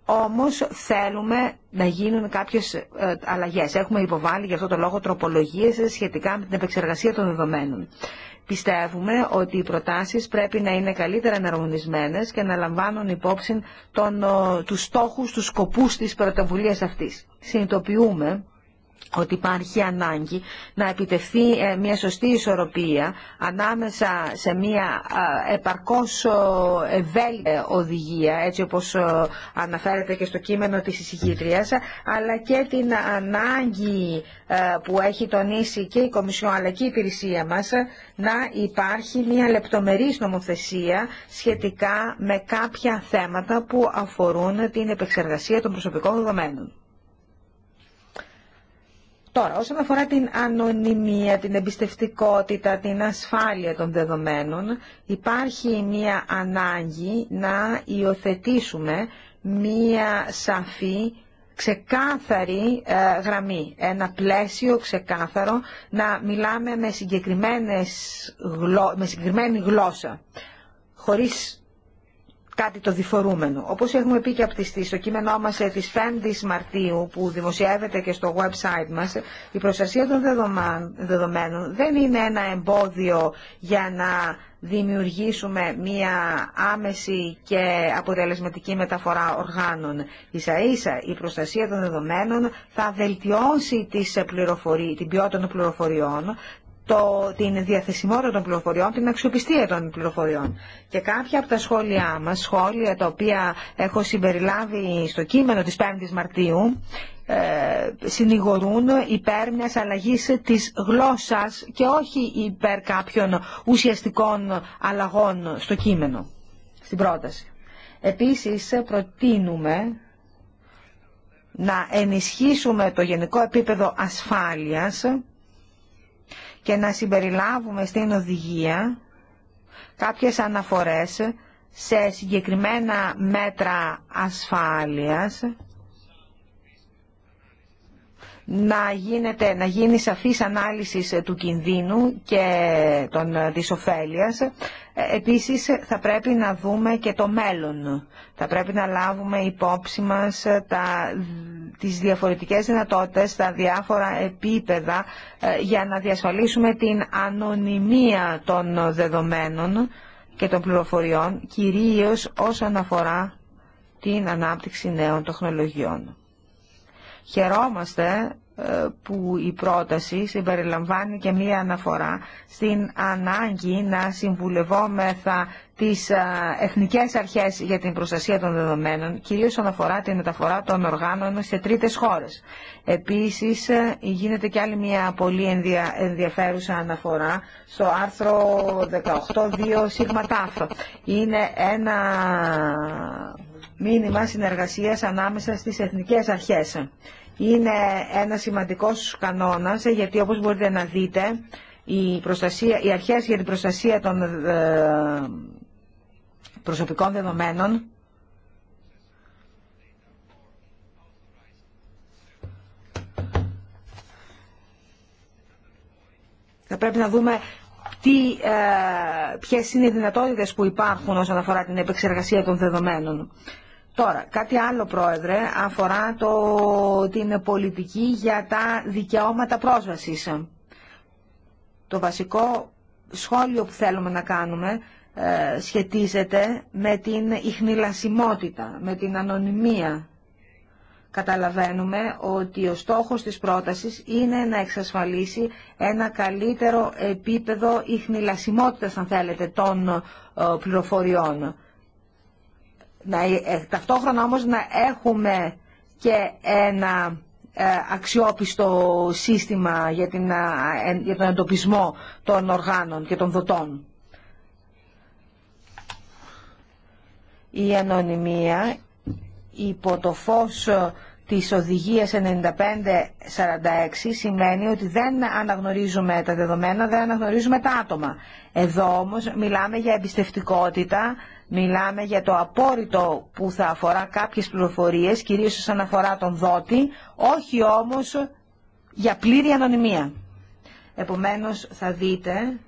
Speaker 1: όμως θέλουμε να γίνουν κάποιες ε, αλλαγές. Έχουμε υποβάλει για αυτό το λόγο τροπολογίες σχετικά με την επεξεργασία των δεδομένων. Πιστεύουμε ότι οι προτάσεις πρέπει να είναι καλύτερα εναρμονισμένες και να λαμβάνουν υπόψη τον, τους στόχους, τους σκοπούς της πρωτοβουλίας αυτής. Συνειδητοποιούμε ότι υπάρχει ανάγκη να επιτευχθεί ε, μια σωστή ισορροπία ανάμεσα σε μια επαρκώς ευέλικτη οδηγία, έτσι όπως αναφέρεται και στο κείμενο της εισηγήτριας, αλλά και την ανάγκη ε, που έχει τονίσει και η Κομισιόν αλλά και η υπηρεσία μας να υπάρχει μια λεπτομερής νομοθεσία σχετικά με κάποια θέματα που αφορούν την επεξεργασία των προσωπικών δεδομένων. Τώρα, όσον αφορά την ανωνυμία, την εμπιστευτικότητα, την ασφάλεια των δεδομένων, υπάρχει μια ανάγκη να υιοθετήσουμε μια σαφή ξεκάθαρη ε, γραμμή, ένα πλαίσιο ξεκάθαρο, να μιλάμε με, συγκεκριμένες, με συγκεκριμένη γλώσσα, χωρίς κάτι το διφορούμενο. Όπως έχουμε πει και από τη, στο κείμενό μας ε, της 5ης Μαρτίου που δημοσιεύεται και στο website μας, η προστασία των δεδομένων δεν είναι ένα εμπόδιο για να δημιουργήσουμε μία άμεση και αποτελεσματική μεταφορά οργάνων. Ίσα ίσα η προστασία των δεδομένων θα βελτιώσει τις ε, την ποιότητα των πληροφοριών, το, την διαθεσιμότητα των πληροφοριών, την αξιοπιστία των πληροφοριών. Και κάποια από τα σχόλιά μας, σχόλια τα οποία έχω συμπεριλάβει στο κείμενο της 5ης Μαρτίου, ε, συνηγορούν υπέρ μιας αλλαγής της γλώσσας και όχι υπέρ κάποιων ουσιαστικών αλλαγών στο κείμενο, στην πρόταση. Επίσης προτείνουμε να ενισχύσουμε το γενικό επίπεδο ασφάλειας και να συμπεριλάβουμε στην οδηγία κάποιες αναφορές σε συγκεκριμένα μέτρα ασφάλειας να, γίνεται, να γίνει σαφής ανάλυση του κινδύνου και των, της ε, επίσης θα πρέπει να δούμε και το μέλλον. Θα πρέπει να λάβουμε υπόψη μας ε, τα, τις διαφορετικές δυνατότητες, τα διάφορα επίπεδα ε, για να διασφαλίσουμε την ανωνυμία των δεδομένων και των πληροφοριών, κυρίως όσον αφορά την ανάπτυξη νέων τεχνολογιών. Χαιρόμαστε που η πρόταση συμπεριλαμβάνει και μία αναφορά στην ανάγκη να συμβουλευόμεθα τις εθνικές αρχές για την προστασία των δεδομένων, κυρίως αναφορά τη μεταφορά των οργάνων σε τρίτες χώρες. Επίσης, ε, γίνεται και άλλη μια πολύ ενδιαφέρουσα αναφορά στο άρθρο 18.2 ΣΥΓΜΑΤΑΦ. Είναι ένα μήνυμα συνεργασίας ανάμεσα στις εθνικές αρχές είναι ένα σημαντικός κανόνας ε, γιατί όπως μπορείτε να δείτε η προστασία, οι αρχές για την προστασία των ε, προσωπικών δεδομένων θα πρέπει να δούμε τι, ε, ποιες είναι οι δυνατότητες που υπάρχουν όσον αφορά την επεξεργασία των δεδομένων. Τώρα, κάτι άλλο, Πρόεδρε, αφορά το, την πολιτική για τα δικαιώματα πρόσβασης. Το βασικό σχόλιο που θέλουμε να κάνουμε ε, σχετίζεται με την ιχνηλασιμότητα, με την ανωνυμία. Καταλαβαίνουμε ότι ο στόχος της πρότασης είναι να εξασφαλίσει ένα καλύτερο επίπεδο ιχνηλασιμότητας, αν θέλετε, των ε, πληροφοριών να, ε, ε, ταυτόχρονα όμως να έχουμε και ένα ε, αξιόπιστο σύστημα για, την, για τον εντοπισμό των οργάνων και των δοτών. Η ανωνυμία υπό το φως της οδηγίας 9546 σημαίνει ότι δεν αναγνωρίζουμε τα δεδομένα, δεν αναγνωρίζουμε τα άτομα. Εδώ όμως μιλάμε για εμπιστευτικότητα Μιλάμε για το απόρριτο που θα αφορά κάποιες πληροφορίες, κυρίως όσον αφορά τον δότη, όχι όμως για πλήρη ανωνυμία. Επομένως θα δείτε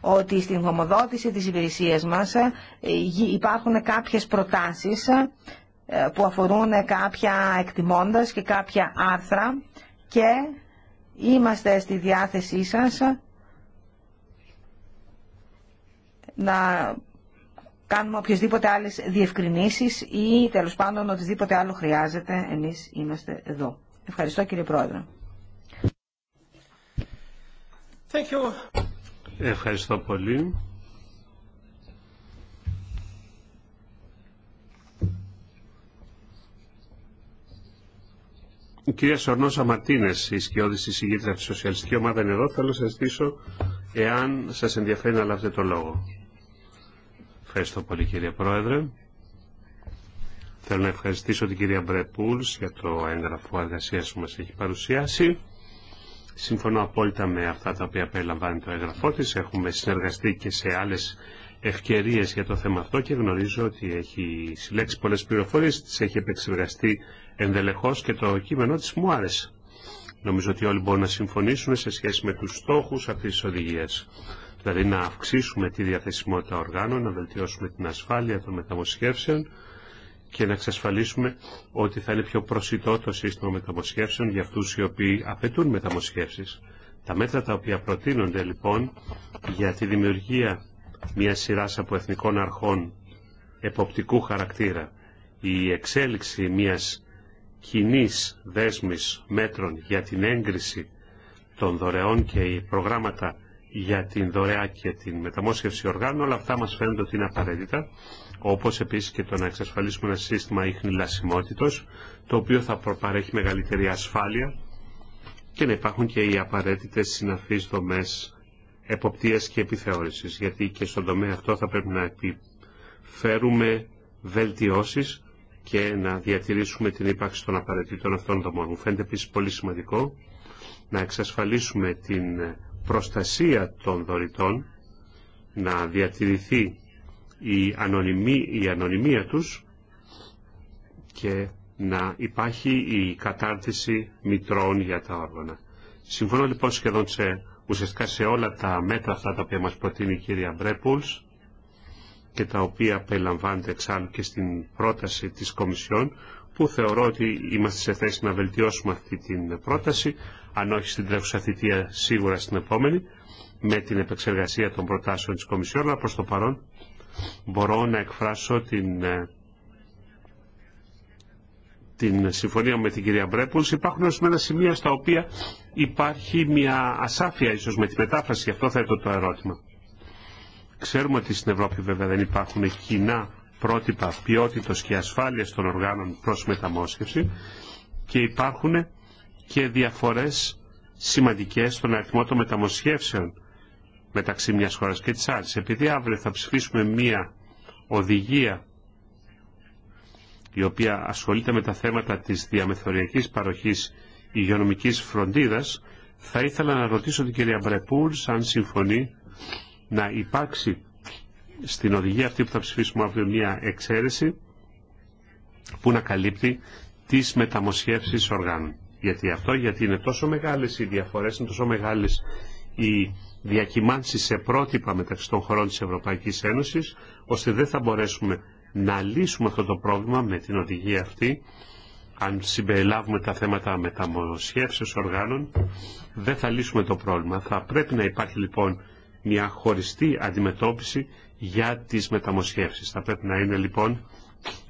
Speaker 1: ότι στην χωμοδότηση της υπηρεσίας μας ε, υπάρχουν κάποιες προτάσεις ε, που αφορούν κάποια εκτιμώντας και κάποια άρθρα και είμαστε στη διάθεσή σας να κάνουμε οποιασδήποτε άλλες διευκρινήσεις ή τέλος πάντων οτιδήποτε άλλο χρειάζεται, εμείς είμαστε εδώ. Ευχαριστώ κύριε Πρόεδρε.
Speaker 2: Thank you. Ευχαριστώ πολύ. Η κυρία Σορνόσα Μαρτίνε, η σκιώδη συγγύτρια τη Σοσιαλιστική Ομάδα, είναι εδώ. Θέλω να σα ζητήσω εάν σα ενδιαφέρει να λάβετε το λόγο. Ευχαριστώ πολύ κύριε Πρόεδρε. Θέλω να ευχαριστήσω την κυρία Μπρεπούλς για το έγγραφο εργασία που μας έχει παρουσιάσει. Συμφωνώ απόλυτα με αυτά τα οποία περιλαμβάνει το έγγραφό της. Έχουμε συνεργαστεί και σε άλλες ευκαιρίες για το θέμα αυτό και γνωρίζω ότι έχει συλλέξει πολλές πληροφορίες, τις έχει επεξεργαστεί ενδελεχώς και το κείμενό της μου άρεσε. Νομίζω ότι όλοι μπορούν να συμφωνήσουν σε σχέση με τους στόχους αυτής της οδηγίας δηλαδή να αυξήσουμε τη διαθεσιμότητα οργάνων, να βελτιώσουμε την ασφάλεια των μεταμοσχεύσεων και να εξασφαλίσουμε ότι θα είναι πιο προσιτό το σύστημα μεταμοσχεύσεων για αυτούς οι οποίοι απαιτούν μεταμοσχεύσεις. Τα μέτρα τα οποία προτείνονται λοιπόν για τη δημιουργία μια σειράς από εθνικών αρχών εποπτικού χαρακτήρα, η εξέλιξη μιας κοινή δέσμης μέτρων για την έγκριση των δωρεών και οι προγράμματα για την δωρεά και την μεταμόσχευση οργάνων, όλα αυτά μας φαίνονται ότι είναι απαραίτητα, όπως επίσης και το να εξασφαλίσουμε ένα σύστημα ίχνη λασιμότητος το οποίο θα προπαρέχει μεγαλύτερη ασφάλεια και να υπάρχουν και οι απαραίτητες συναφείς δομές εποπτείας και επιθεώρησης, γιατί και στον τομέα αυτό θα πρέπει να επιφέρουμε βελτιώσεις και να διατηρήσουμε την ύπαρξη των απαραίτητων αυτών δομών. Μου φαίνεται επίσης πολύ σημαντικό να εξασφαλίσουμε την προστασία των δωρητών, να διατηρηθεί η, ανωνυμή, η ανωνυμία τους και να υπάρχει η κατάρτιση μητρών για τα όργανα. Συμφωνώ λοιπόν σχεδόν σε, ουσιαστικά σε όλα τα μέτρα αυτά τα οποία μας προτείνει η κυρία Μπρέπουλς και τα οποία περιλαμβάνεται εξάλλου και στην πρόταση της Κομισιόν που θεωρώ ότι είμαστε σε θέση να βελτιώσουμε αυτή την πρόταση, αν όχι στην τρέχουσα θητεία σίγουρα στην επόμενη, με την επεξεργασία των προτάσεων της Κομισιόν, αλλά προς το παρόν μπορώ να εκφράσω την, ε, την συμφωνία με την κυρία Μπρέπουλς. Υπάρχουν ορισμένα σημεία στα οποία υπάρχει μια ασάφεια ίσως με τη μετάφραση, γι' αυτό θέτω το ερώτημα. Ξέρουμε ότι στην Ευρώπη βέβαια δεν υπάρχουν κοινά πρότυπα ποιότητος και ασφάλειας των οργάνων προς μεταμόσχευση και υπάρχουν και διαφορές σημαντικές στον αριθμό των μεταμοσχεύσεων μεταξύ μιας χώρας και της άλλης. Επειδή αύριο θα ψηφίσουμε μία οδηγία η οποία ασχολείται με τα θέματα της διαμεθοριακής παροχής υγειονομικής φροντίδας, θα ήθελα να ρωτήσω την κυρία Μπρεπούλς αν συμφωνεί να υπάρξει στην οδηγία αυτή που θα ψηφίσουμε αύριο μια εξαίρεση που να καλύπτει τις μεταμοσχεύσεις οργάνων. Γιατί αυτό, γιατί είναι τόσο μεγάλες οι διαφορές, είναι τόσο μεγάλες οι διακυμάνσεις σε πρότυπα μεταξύ των χωρών της Ευρωπαϊκής Ένωσης, ώστε δεν θα μπορέσουμε να λύσουμε αυτό το πρόβλημα με την οδηγία αυτή, αν συμπεριλάβουμε τα θέματα μεταμοσχεύσεως οργάνων, δεν θα λύσουμε το πρόβλημα. Θα πρέπει να υπάρχει λοιπόν μια χωριστή αντιμετώπιση για τις μεταμοσχεύσεις. Θα πρέπει να είναι λοιπόν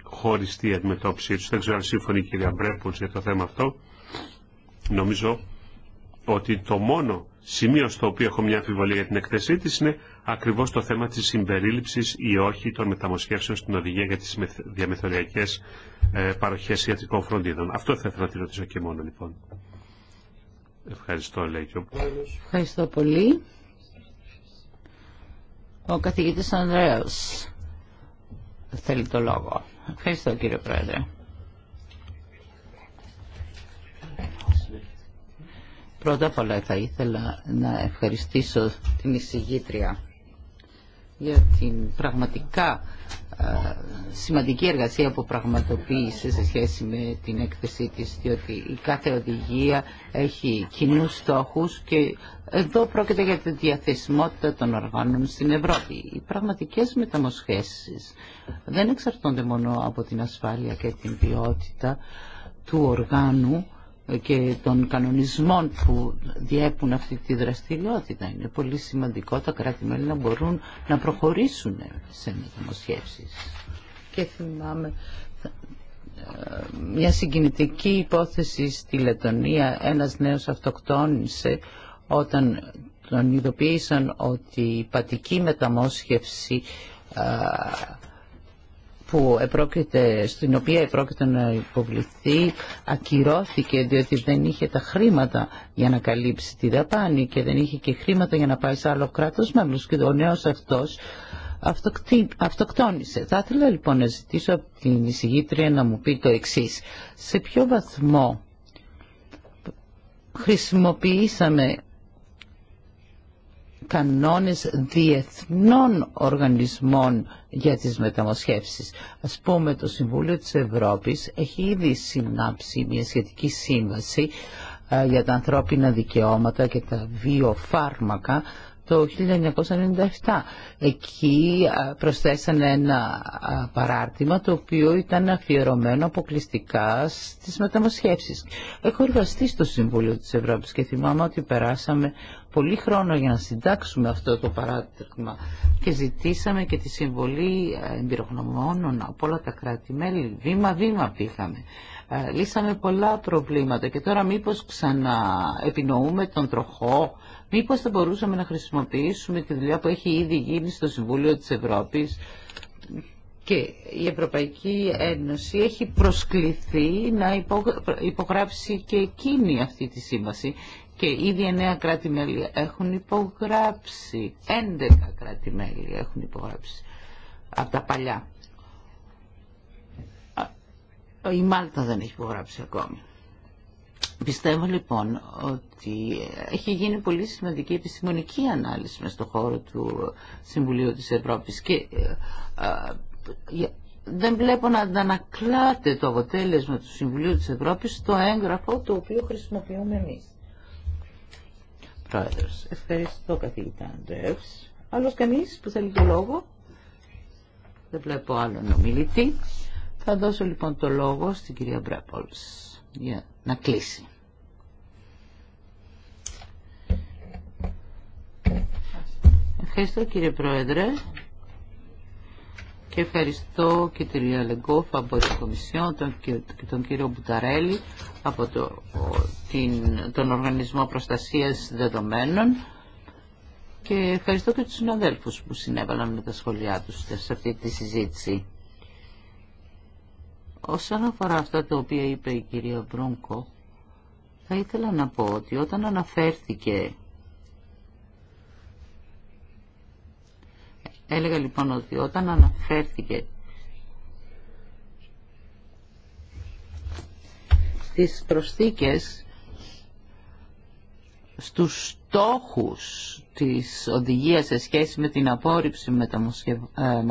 Speaker 2: χωριστή η αντιμετώπιση του Δεν ξέρω αν σύμφωνη η κυρία Μπρέπουλς για το θέμα αυτό. Νομίζω ότι το μόνο σημείο στο οποίο έχω μια αμφιβολία για την εκθεσή της είναι ακριβώς το θέμα της συμπερίληψης ή όχι των μεταμοσχεύσεων στην οδηγία για τις διαμεθοριακές ε, παροχές ιατρικών φροντίδων. Αυτό θα ήθελα να τη ρωτήσω και μόνο λοιπόν. Ευχαριστώ λέει και ο
Speaker 3: Ευχαριστώ πολύ. Ο καθηγητής Ανδρέας θέλει το λόγο. Ευχαριστώ κύριε Πρόεδρε. Πρώτα απ' όλα θα ήθελα να ευχαριστήσω την εισηγήτρια για την πραγματικά ε, σημαντική εργασία που πραγματοποίησε σε σχέση με την έκθεσή της διότι η κάθε οδηγία έχει κοινού στόχους και εδώ πρόκειται για τη διαθεσιμότητα των οργάνων στην Ευρώπη. Οι πραγματικές μεταμοσχέσεις δεν εξαρτώνται μόνο από την ασφάλεια και την ποιότητα του οργάνου και των κανονισμών που διέπουν αυτή τη δραστηριότητα. Είναι πολύ σημαντικό τα κράτη-μέλη να μπορούν να προχωρήσουν σε μεταμοσχεύσεις. Και θυμάμαι ε, μια συγκινητική υπόθεση στη Λετωνία. Ένας νέος αυτοκτόνησε όταν τον ειδοποίησαν ότι η πατική μεταμόσχευση ε, που επρόκειται, στην οποία επρόκειτο να υποβληθεί ακυρώθηκε διότι δεν είχε τα χρήματα για να καλύψει τη δαπάνη και δεν είχε και χρήματα για να πάει σε άλλο κράτος μέλος και ο νέος αυτός αυτοκτόνησε. Θα ήθελα λοιπόν να ζητήσω από την εισηγήτρια να μου πει το εξή Σε ποιο βαθμό χρησιμοποιήσαμε κανόνες διεθνών οργανισμών για τις μεταμοσχεύσεις. Ας πούμε το Συμβούλιο της Ευρώπης έχει ήδη συνάψει μια σχετική σύμβαση ε, για τα ανθρώπινα δικαιώματα και τα βιοφάρμακα το 1997. Εκεί ε, προσθέσαν ένα ε, παράρτημα το οποίο ήταν αφιερωμένο αποκλειστικά στις μεταμοσχεύσεις. Έχω εργαστεί στο Συμβούλιο της Ευρώπης και θυμάμαι ότι περάσαμε πολύ χρόνο για να συντάξουμε αυτό το παράδειγμα και ζητήσαμε και τη συμβολή ε, εμπειρογνωμόνων από όλα τα κράτη-μέλη. Βήμα-βήμα πήγαμε. Ε, λύσαμε πολλά προβλήματα και τώρα μήπως ξαναεπινοούμε τον τροχό, μήπως θα μπορούσαμε να χρησιμοποιήσουμε τη δουλειά που έχει ήδη γίνει στο Συμβούλιο της Ευρώπης και η Ευρωπαϊκή Ένωση έχει προσκληθεί να υπογράψει και εκείνη αυτή τη σύμβαση και ήδη 9 κράτη-μέλη έχουν υπογράψει. 11 κράτη-μέλη έχουν υπογράψει από τα παλιά. Η Μάλτα δεν έχει υπογράψει ακόμη. Πιστεύω λοιπόν ότι έχει γίνει πολύ σημαντική επιστημονική ανάλυση μες στον χώρο του Συμβουλίου της Ευρώπης και ε, ε, ε, δεν βλέπω να αντανακλάται το αποτέλεσμα του Συμβουλίου της Ευρώπης στο έγγραφο το οποίο χρησιμοποιούμε εμείς. Πρόεδρος. Ευχαριστώ καθηγητά Ντρεύς. Άλλος κανείς που θέλει το λόγο. Δεν βλέπω άλλον ομιλητή. Θα δώσω λοιπόν το λόγο στην κυρία Μπρέπολς για να κλείσει. Ευχαριστώ κύριε Πρόεδρε. Και ευχαριστώ και την κυρία Λεγκόφ από την Κομισιόν τον, και, τον κύριο Μπουταρέλη από το, την, τον Οργανισμό Προστασίας Δεδομένων και ευχαριστώ και τους συναδέλφους που συνέβαλαν με τα σχολιά τους σε αυτή τη συζήτηση. Όσον αφορά αυτά τα οποία είπε η κυρία Μπρούνκο, θα ήθελα να πω ότι όταν αναφέρθηκε Έλεγα λοιπόν ότι όταν αναφέρθηκε στις προσθήκες στους στόχους της οδηγίας σε σχέση με την απόρριψη ε,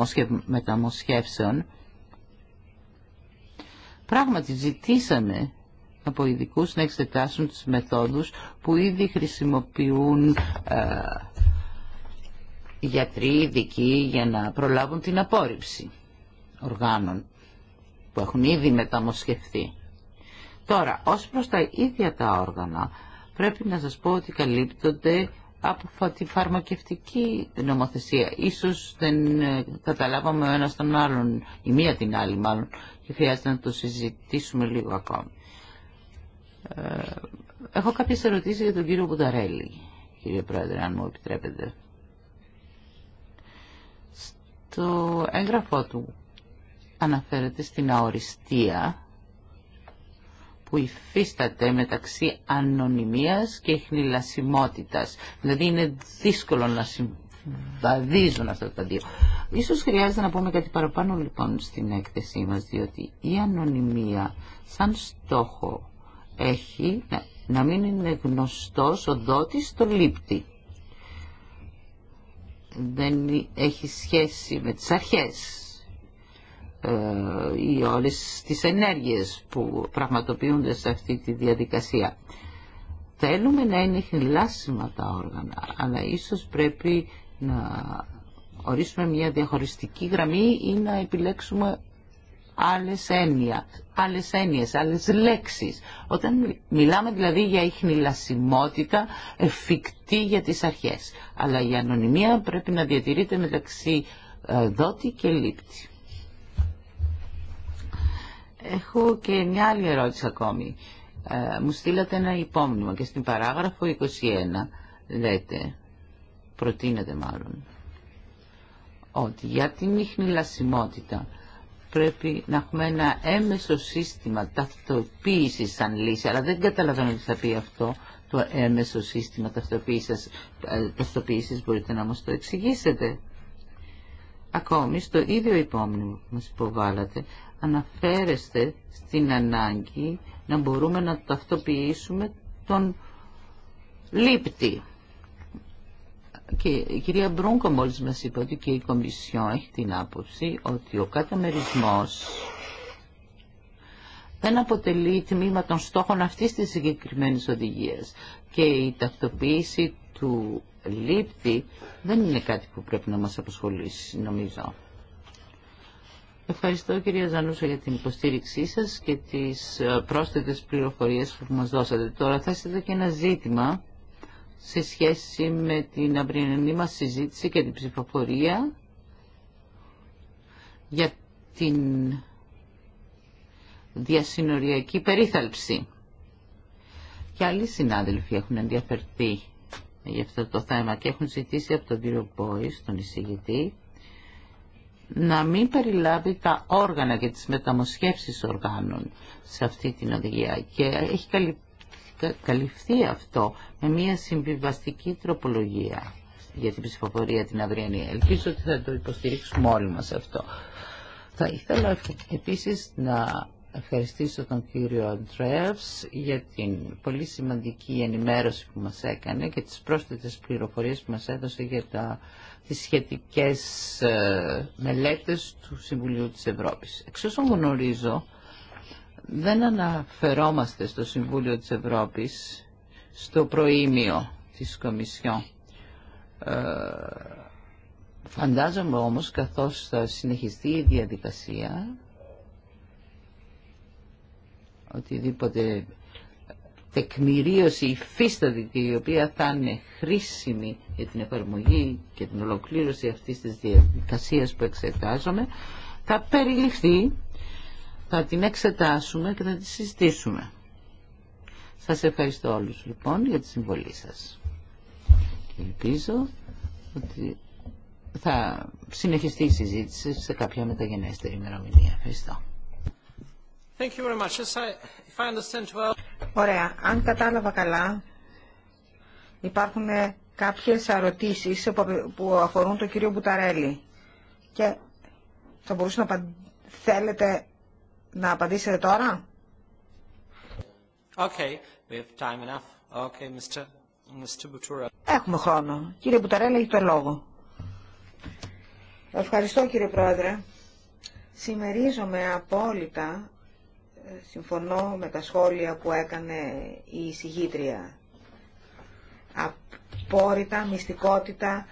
Speaker 3: μεταμοσχεύσεων πράγματι ζητήσαμε από ειδικούς να εξετάσουν τις μεθόδους που ήδη χρησιμοποιούν ε, γιατροί ειδικοί για να προλάβουν την απόρριψη οργάνων που έχουν ήδη μεταμοσχευθεί. Τώρα, ως προς τα ίδια τα όργανα, πρέπει να σας πω ότι καλύπτονται από τη φαρμακευτική νομοθεσία. Ίσως δεν ε, καταλάβαμε ο ένας τον άλλον, η μία την άλλη μάλλον, και χρειάζεται να το συζητήσουμε λίγο ακόμη. Ε, έχω κάποιες ερωτήσεις για τον κύριο Μπουταρέλη, κύριε Πρόεδρε, αν μου επιτρέπετε. Το έγγραφό του αναφέρεται στην αοριστία που υφίσταται μεταξύ ανωνυμίας και χνηλασιμότητας. Δηλαδή είναι δύσκολο να συμβαδίζουν αυτά τα δύο. Ίσως χρειάζεται να πούμε κάτι παραπάνω λοιπόν στην έκθεσή μας, διότι η ανωνυμία σαν στόχο έχει να μην είναι γνωστός ο δότης στο λήπτη δεν έχει σχέση με τις αρχές ε, ή όλες τις ενέργειες που πραγματοποιούνται σε αυτή τη διαδικασία. Θέλουμε να είναι χειλάσιμα τα όργανα, αλλά ίσως πρέπει να ορίσουμε μια διαχωριστική γραμμή ή να επιλέξουμε άλλες έννοια, άλλες έννοιες, άλλες λέξεις. Όταν μιλάμε δηλαδή για ηχνηλασιμότητα εφικτή για τις αρχές. Αλλά η ανωνυμία πρέπει να διατηρείται μεταξύ ε, δότη και λήπτη. Έχω και μια άλλη ερώτηση ακόμη. Ε, μου στείλατε ένα υπόμνημα και στην παράγραφο 21 λέτε, προτείνετε μάλλον, ότι για την ηχνηλασιμότητα πρέπει να έχουμε ένα έμεσο σύστημα ταυτοποίησης σαν λύση, αλλά δεν καταλαβαίνω τι θα πει αυτό το έμεσο σύστημα ταυτοποίησης, ε, ταυτοποίησης μπορείτε να μας το εξηγήσετε. Ακόμη, στο ίδιο υπόμνημα που μας υποβάλλατε, αναφέρεστε στην ανάγκη να μπορούμε να ταυτοποιήσουμε τον λήπτη και η κυρία Μπρούγκο μόλις μας είπε ότι και η Κομισιόν έχει την άποψη ότι ο καταμερισμός δεν αποτελεί τμήμα των στόχων αυτής της συγκεκριμένη οδηγίας και η τακτοποίηση του λήπτη δεν είναι κάτι που πρέπει να μας αποσχολήσει, νομίζω. Ευχαριστώ κυρία Ζανούσα για την υποστήριξή σας και τις ε, πρόσθετες πληροφορίες που μας δώσατε. Τώρα θα είστε και ένα ζήτημα σε σχέση με την αυριανή μας συζήτηση και την ψηφοφορία για την διασυνοριακή περίθαλψη. Και άλλοι συνάδελφοι έχουν ενδιαφερθεί για αυτό το θέμα και έχουν ζητήσει από τον κύριο Μπόης, τον εισηγητή, να μην περιλάβει τα όργανα και τις μεταμοσχεύσεις οργάνων σε αυτή την οδηγία. Και έχει καλυφθεί αυτό με μια συμβιβαστική τροπολογία για την ψηφοφορία την αυριανή. Ελπίζω ότι θα το υποστηρίξουμε όλοι μας αυτό. Θα ήθελα επίσης να ευχαριστήσω τον κύριο Αντρέας για την πολύ σημαντική ενημέρωση που μας έκανε και τις πρόσθετες πληροφορίες που μας έδωσε για τα, τις σχετικές ε, μελέτες του Συμβουλίου της Ευρώπης. Εξ όσων γνωρίζω, δεν αναφερόμαστε στο Συμβούλιο της Ευρώπης στο προήμιο της Κομισιόν. Ε, φαντάζομαι όμως καθώς θα συνεχιστεί η διαδικασία οτιδήποτε τεκμηρίωση υφίστατη η οποία θα είναι χρήσιμη για την εφαρμογή και την ολοκλήρωση αυτής της διαδικασίας που εξετάζομαι θα περιληφθεί θα την εξετάσουμε και θα τη συζητήσουμε. Σας ευχαριστώ όλους λοιπόν για τη συμβολή σας. Και ελπίζω ότι θα συνεχιστεί η συζήτηση σε κάποια μεταγενέστερη ημερομηνία. Ευχαριστώ.
Speaker 1: Thank you very much. If I understand well... Ωραία. Αν κατάλαβα καλά, υπάρχουν κάποιες ερωτήσεις που αφορούν τον κύριο Μπουταρέλη. Και θα μπορούσε να θέλετε να απαντήσετε τώρα.
Speaker 3: Okay, we have time enough. Okay, Mr. Mr.
Speaker 1: Έχουμε χρόνο. Κύριε Μπουταρέλα, έχει το λόγο. Ευχαριστώ κύριε Πρόεδρε. Συμμερίζομαι απόλυτα, ε, συμφωνώ με τα σχόλια που έκανε η συγγήτρια. Απόρριτα, μυστικότητα,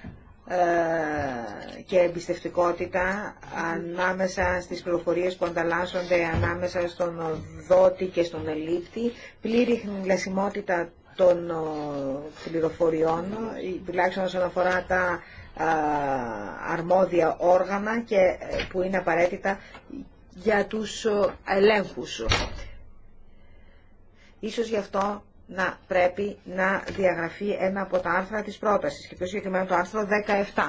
Speaker 1: ε, και εμπιστευτικότητα ανάμεσα στις πληροφορίες που ανταλλάσσονται ανάμεσα στον δότη και στον ελίπτη πλήρη λασιμότητα των ε, πληροφοριών, ε, τουλάχιστον όσον αφορά τα αρμόδια όργανα και που είναι απαραίτητα για τους ελέγχους. Ίσως γι' αυτό να πρέπει να διαγραφεί ένα από τα άρθρα της πρότασης και πιο συγκεκριμένα το άρθρο 17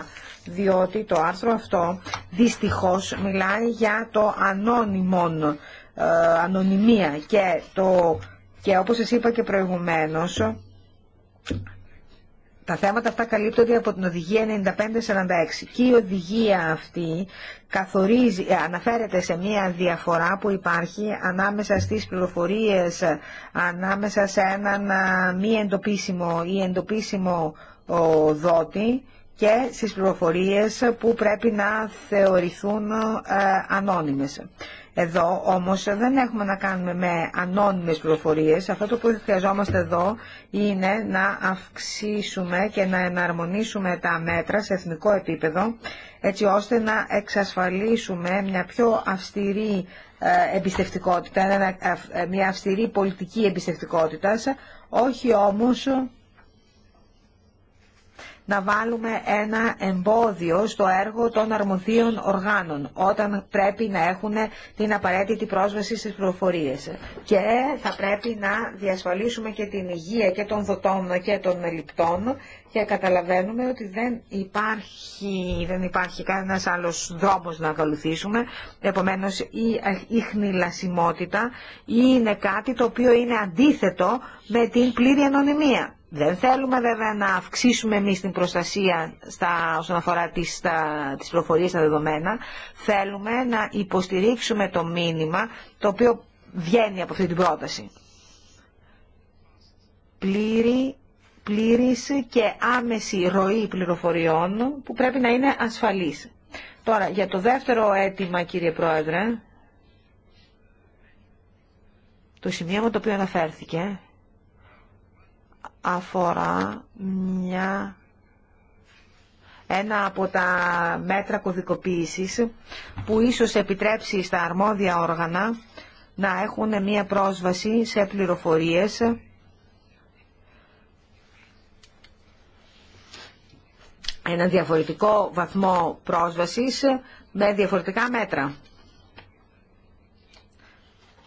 Speaker 1: διότι το άρθρο αυτό δυστυχώς μιλάει για το ανώνυμον ε, ανωνυμία και, το, και όπως σας είπα και προηγουμένως τα θέματα αυτά καλύπτονται από την οδηγία 9546 και η οδηγία αυτή καθορίζει, ε, αναφέρεται σε μια διαφορά που υπάρχει ανάμεσα στις πληροφορίες, ε, ανάμεσα σε έναν ε, μη εντοπίσιμο ή εντοπίσιμο δότη και στις πληροφορίες που πρέπει να θεωρηθούν ανώνυμες. Εδώ όμως δεν έχουμε να κάνουμε με ανώνυμες πληροφορίες. Αυτό το που χρειαζόμαστε εδώ είναι να αυξήσουμε και να εναρμονίσουμε τα μέτρα σε εθνικό επίπεδο έτσι ώστε να εξασφαλίσουμε μια πιο αυστηρή ε, εμπιστευτικότητα, ε, μια αυστηρή πολιτική εμπιστευτικότητα, όχι όμως να βάλουμε ένα εμπόδιο στο έργο των αρμοδίων οργάνων όταν πρέπει να έχουν την απαραίτητη πρόσβαση στις πληροφορίες. Και θα πρέπει να διασφαλίσουμε και την υγεία και των δοτών και των λιπτών και καταλαβαίνουμε ότι δεν υπάρχει, δεν υπάρχει κανένας άλλος δρόμος να ακολουθήσουμε. Επομένως η, η χνηλασιμότητα είναι κάτι το οποίο είναι αντίθετο με την πλήρη ανωνυμία. Δεν θέλουμε βέβαια να αυξήσουμε εμείς την προστασία στα, όσον αφορά τις, τα, τις πληροφορίες στα δεδομένα. Θέλουμε να υποστηρίξουμε το μήνυμα το οποίο βγαίνει από αυτή την πρόταση. Πλήρη, πλήρης και άμεση ροή πληροφοριών που πρέπει να είναι ασφαλής. Τώρα, για το δεύτερο αίτημα, κύριε Πρόεδρε, το σημείο με το οποίο αναφέρθηκε, αφορά μια, ένα από τα μέτρα κωδικοποίησης που ίσως επιτρέψει στα αρμόδια όργανα να έχουν μια πρόσβαση σε πληροφορίες ένα διαφορετικό βαθμό πρόσβασης με διαφορετικά μέτρα.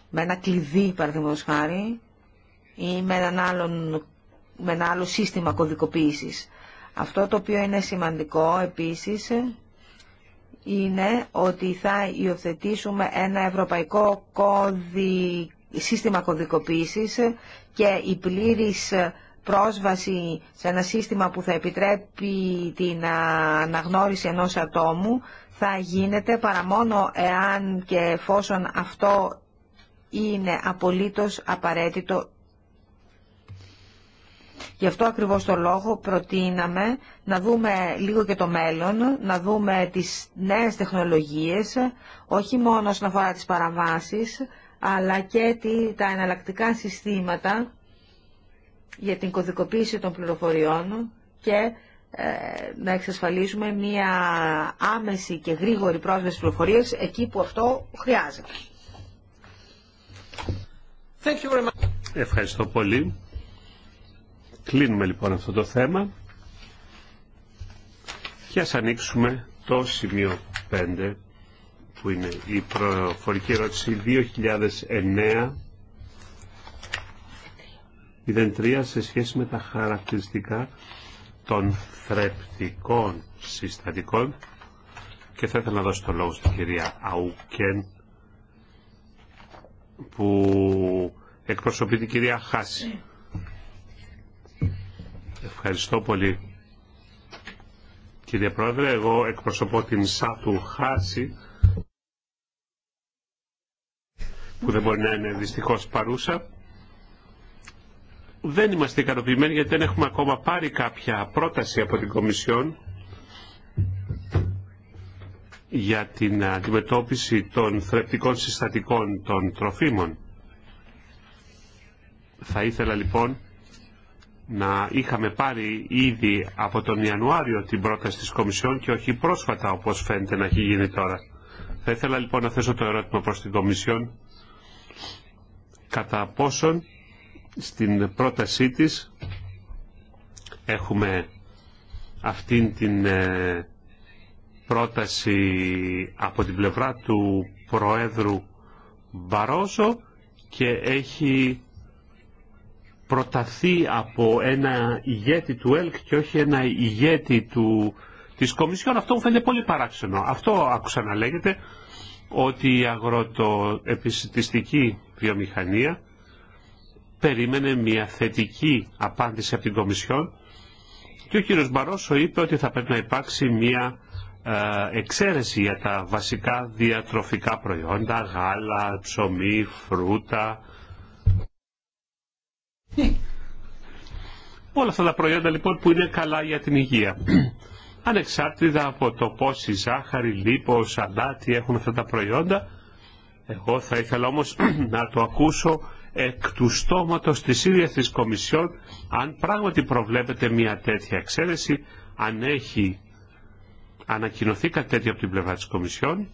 Speaker 1: Με ένα κλειδί, παραδείγματος χάρη, ή με έναν άλλον με ένα άλλο σύστημα κωδικοποίησης. Αυτό το οποίο είναι σημαντικό επίσης είναι ότι θα υιοθετήσουμε ένα ευρωπαϊκό κωδι... σύστημα κωδικοποίησης και η πλήρης πρόσβαση σε ένα σύστημα που θα επιτρέπει την αναγνώριση ενός ατόμου θα γίνεται παρά μόνο εάν και εφόσον αυτό είναι απολύτως απαραίτητο Γι' αυτό ακριβώς το λόγο προτείναμε να δούμε λίγο και το μέλλον, να δούμε τις νέες τεχνολογίες, όχι μόνο όσον αφορά τις παραβάσεις, αλλά και τα εναλλακτικά συστήματα για την κωδικοποίηση των πληροφοριών και ε, να εξασφαλίσουμε μία άμεση και γρήγορη πρόσβαση πληροφορίες εκεί που αυτό χρειάζεται.
Speaker 2: Ευχαριστώ πολύ. Κλείνουμε λοιπόν αυτό το θέμα και ας ανοίξουμε το σημείο 5 που είναι η προφορική ερώτηση 2009 03 σε σχέση με τα χαρακτηριστικά των θρεπτικών συστατικών και θα ήθελα να δώσω το λόγο στην κυρία Αουκέν που εκπροσωπεί την κυρία Χάση. Ευχαριστώ πολύ. Κύριε Πρόεδρε, εγώ εκπροσωπώ την Σάτου Χάση, που δεν μπορεί να είναι δυστυχώς παρούσα. Δεν είμαστε ικανοποιημένοι γιατί δεν έχουμε ακόμα πάρει κάποια πρόταση από την Κομισιόν για την αντιμετώπιση των θρεπτικών συστατικών των τροφίμων. Θα ήθελα λοιπόν να είχαμε πάρει ήδη από τον Ιανουάριο την πρόταση της Κομισιόν και όχι πρόσφατα όπως φαίνεται να έχει γίνει τώρα. Θα ήθελα λοιπόν να θέσω το ερώτημα προς την Κομισιόν κατά πόσον στην πρότασή της έχουμε αυτήν την ε, πρόταση από την πλευρά του Προέδρου Μπαρόζο και έχει προταθεί από ένα ηγέτη του ΕΛΚ και όχι ένα ηγέτη του, της Κομισιόν. Αυτό μου φαίνεται πολύ παράξενο. Αυτό άκουσα να λέγεται ότι η αγροτοεπιστητική βιομηχανία περίμενε μια θετική απάντηση από την Κομισιόν και ο κύριος Μπαρόσο είπε ότι θα πρέπει να υπάρξει μια ε, εξαίρεση για τα βασικά διατροφικά προϊόντα, γάλα, ψωμί, φρούτα, Όλα αυτά τα προϊόντα λοιπόν που είναι καλά για την υγεία. Ανεξάρτητα από το πόση ζάχαρη, λίπος, αλάτι έχουν αυτά τα προϊόντα, εγώ θα ήθελα όμως να το ακούσω εκ του στόματος της ίδιας της Κομισιόν αν πράγματι προβλέπεται μια τέτοια εξαίρεση, αν έχει ανακοινωθεί κάτι τέτοιο από την πλευρά της Κομισιόν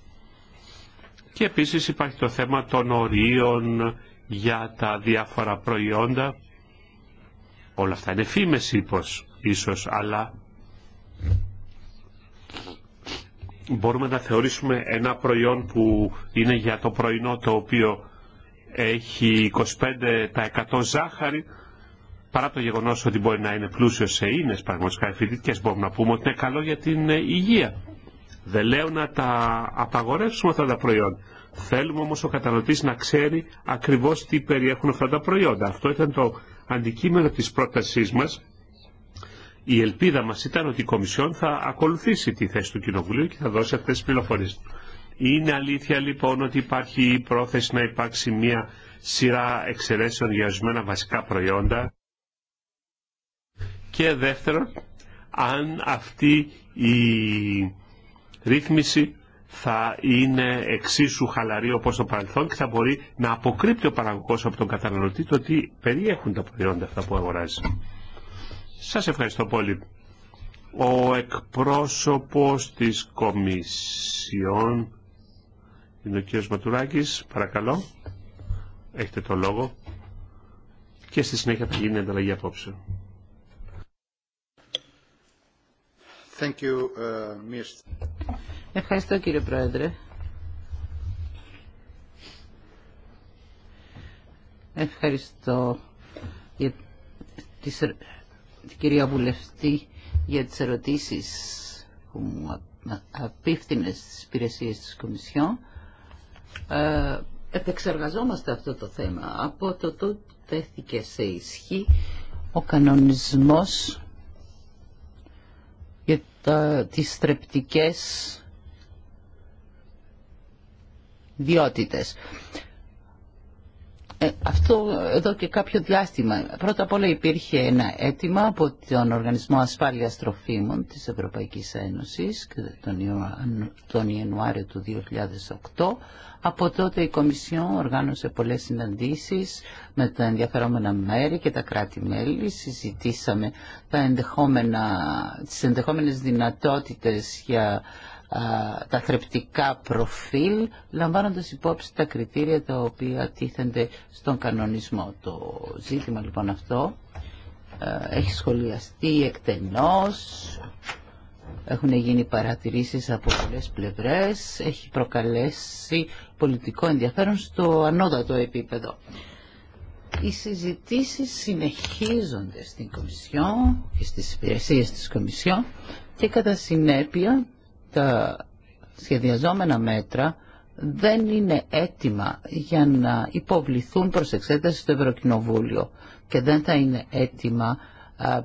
Speaker 2: και επίσης υπάρχει το θέμα των ορίων για τα διάφορα προϊόντα. Όλα αυτά είναι φήμες ύπος, ίσως, αλλά μπορούμε να θεωρήσουμε ένα προϊόν που είναι για το πρωινό το οποίο έχει 25% ζάχαρη παρά το γεγονός ότι μπορεί να είναι πλούσιο σε ίνες πραγματικά εφητικές μπορούμε να πούμε ότι είναι καλό για την υγεία. Δεν λέω να τα απαγορεύσουμε αυτά τα προϊόντα Θέλουμε όμως ο καταναλωτής να ξέρει ακριβώς τι περιέχουν αυτά τα προϊόντα. Αυτό ήταν το αντικείμενο της πρότασής μας. Η ελπίδα μας ήταν ότι η Κομισιόν θα ακολουθήσει τη θέση του Κοινοβουλίου και θα δώσει αυτές τις πληροφορίες. Είναι αλήθεια λοιπόν ότι υπάρχει η πρόθεση να υπάρξει μια σειρά εξαιρέσεων για ορισμένα βασικά προϊόντα. Και δεύτερον, αν αυτή η ρύθμιση θα είναι εξίσου χαλαρή όπως το παρελθόν και θα μπορεί να αποκρύπτει ο παραγωγός από τον καταναλωτή το ότι περιέχουν τα προϊόντα αυτά που αγοράζει. Σας ευχαριστώ πολύ. Ο εκπρόσωπος της Κομισιόν είναι ο κ. Ματουράκης. Παρακαλώ. Έχετε το λόγο. Και στη συνέχεια θα γίνει ανταλλαγή απόψε.
Speaker 3: Thank you, uh, Mr. Ευχαριστώ κύριε Πρόεδρε. Ευχαριστώ την κυρία Βουλευτή για τις ερωτήσεις που μου απίφθηνε στις υπηρεσίες της Κομισιόν. Ε, επεξεργαζόμαστε αυτό το θέμα. Από το τότε τέθηκε σε ισχύ ο κανονισμός για τα, τις θρεπτικές ε, αυτό εδώ και κάποιο διάστημα. Πρώτα απ' όλα υπήρχε ένα αίτημα από τον Οργανισμό Ασφάλειας Τροφίμων της Ευρωπαϊκής Ένωσης τον, Ιανουάριο, του 2008. Από τότε η Κομισιόν οργάνωσε πολλές συναντήσεις με τα ενδιαφερόμενα μέρη και τα κράτη-μέλη. Συζητήσαμε τα ενδεχόμενα, τις ενδεχόμενες για τα θρεπτικά προφίλ λαμβάνοντας υπόψη τα κριτήρια τα οποία τίθενται στον κανονισμό. Το ζήτημα λοιπόν αυτό έχει σχολιαστεί εκτενώς, έχουν γίνει παρατηρήσεις από πολλές πλευρές, έχει προκαλέσει πολιτικό ενδιαφέρον στο ανώτατο επίπεδο. Οι συζητήσεις συνεχίζονται στην Κομισιόν και στις υπηρεσίες της Κομισιόν και κατά συνέπεια τα σχεδιαζόμενα μέτρα δεν είναι έτοιμα για να υποβληθούν προς εξέταση στο Ευρωκοινοβούλιο και δεν θα είναι έτοιμα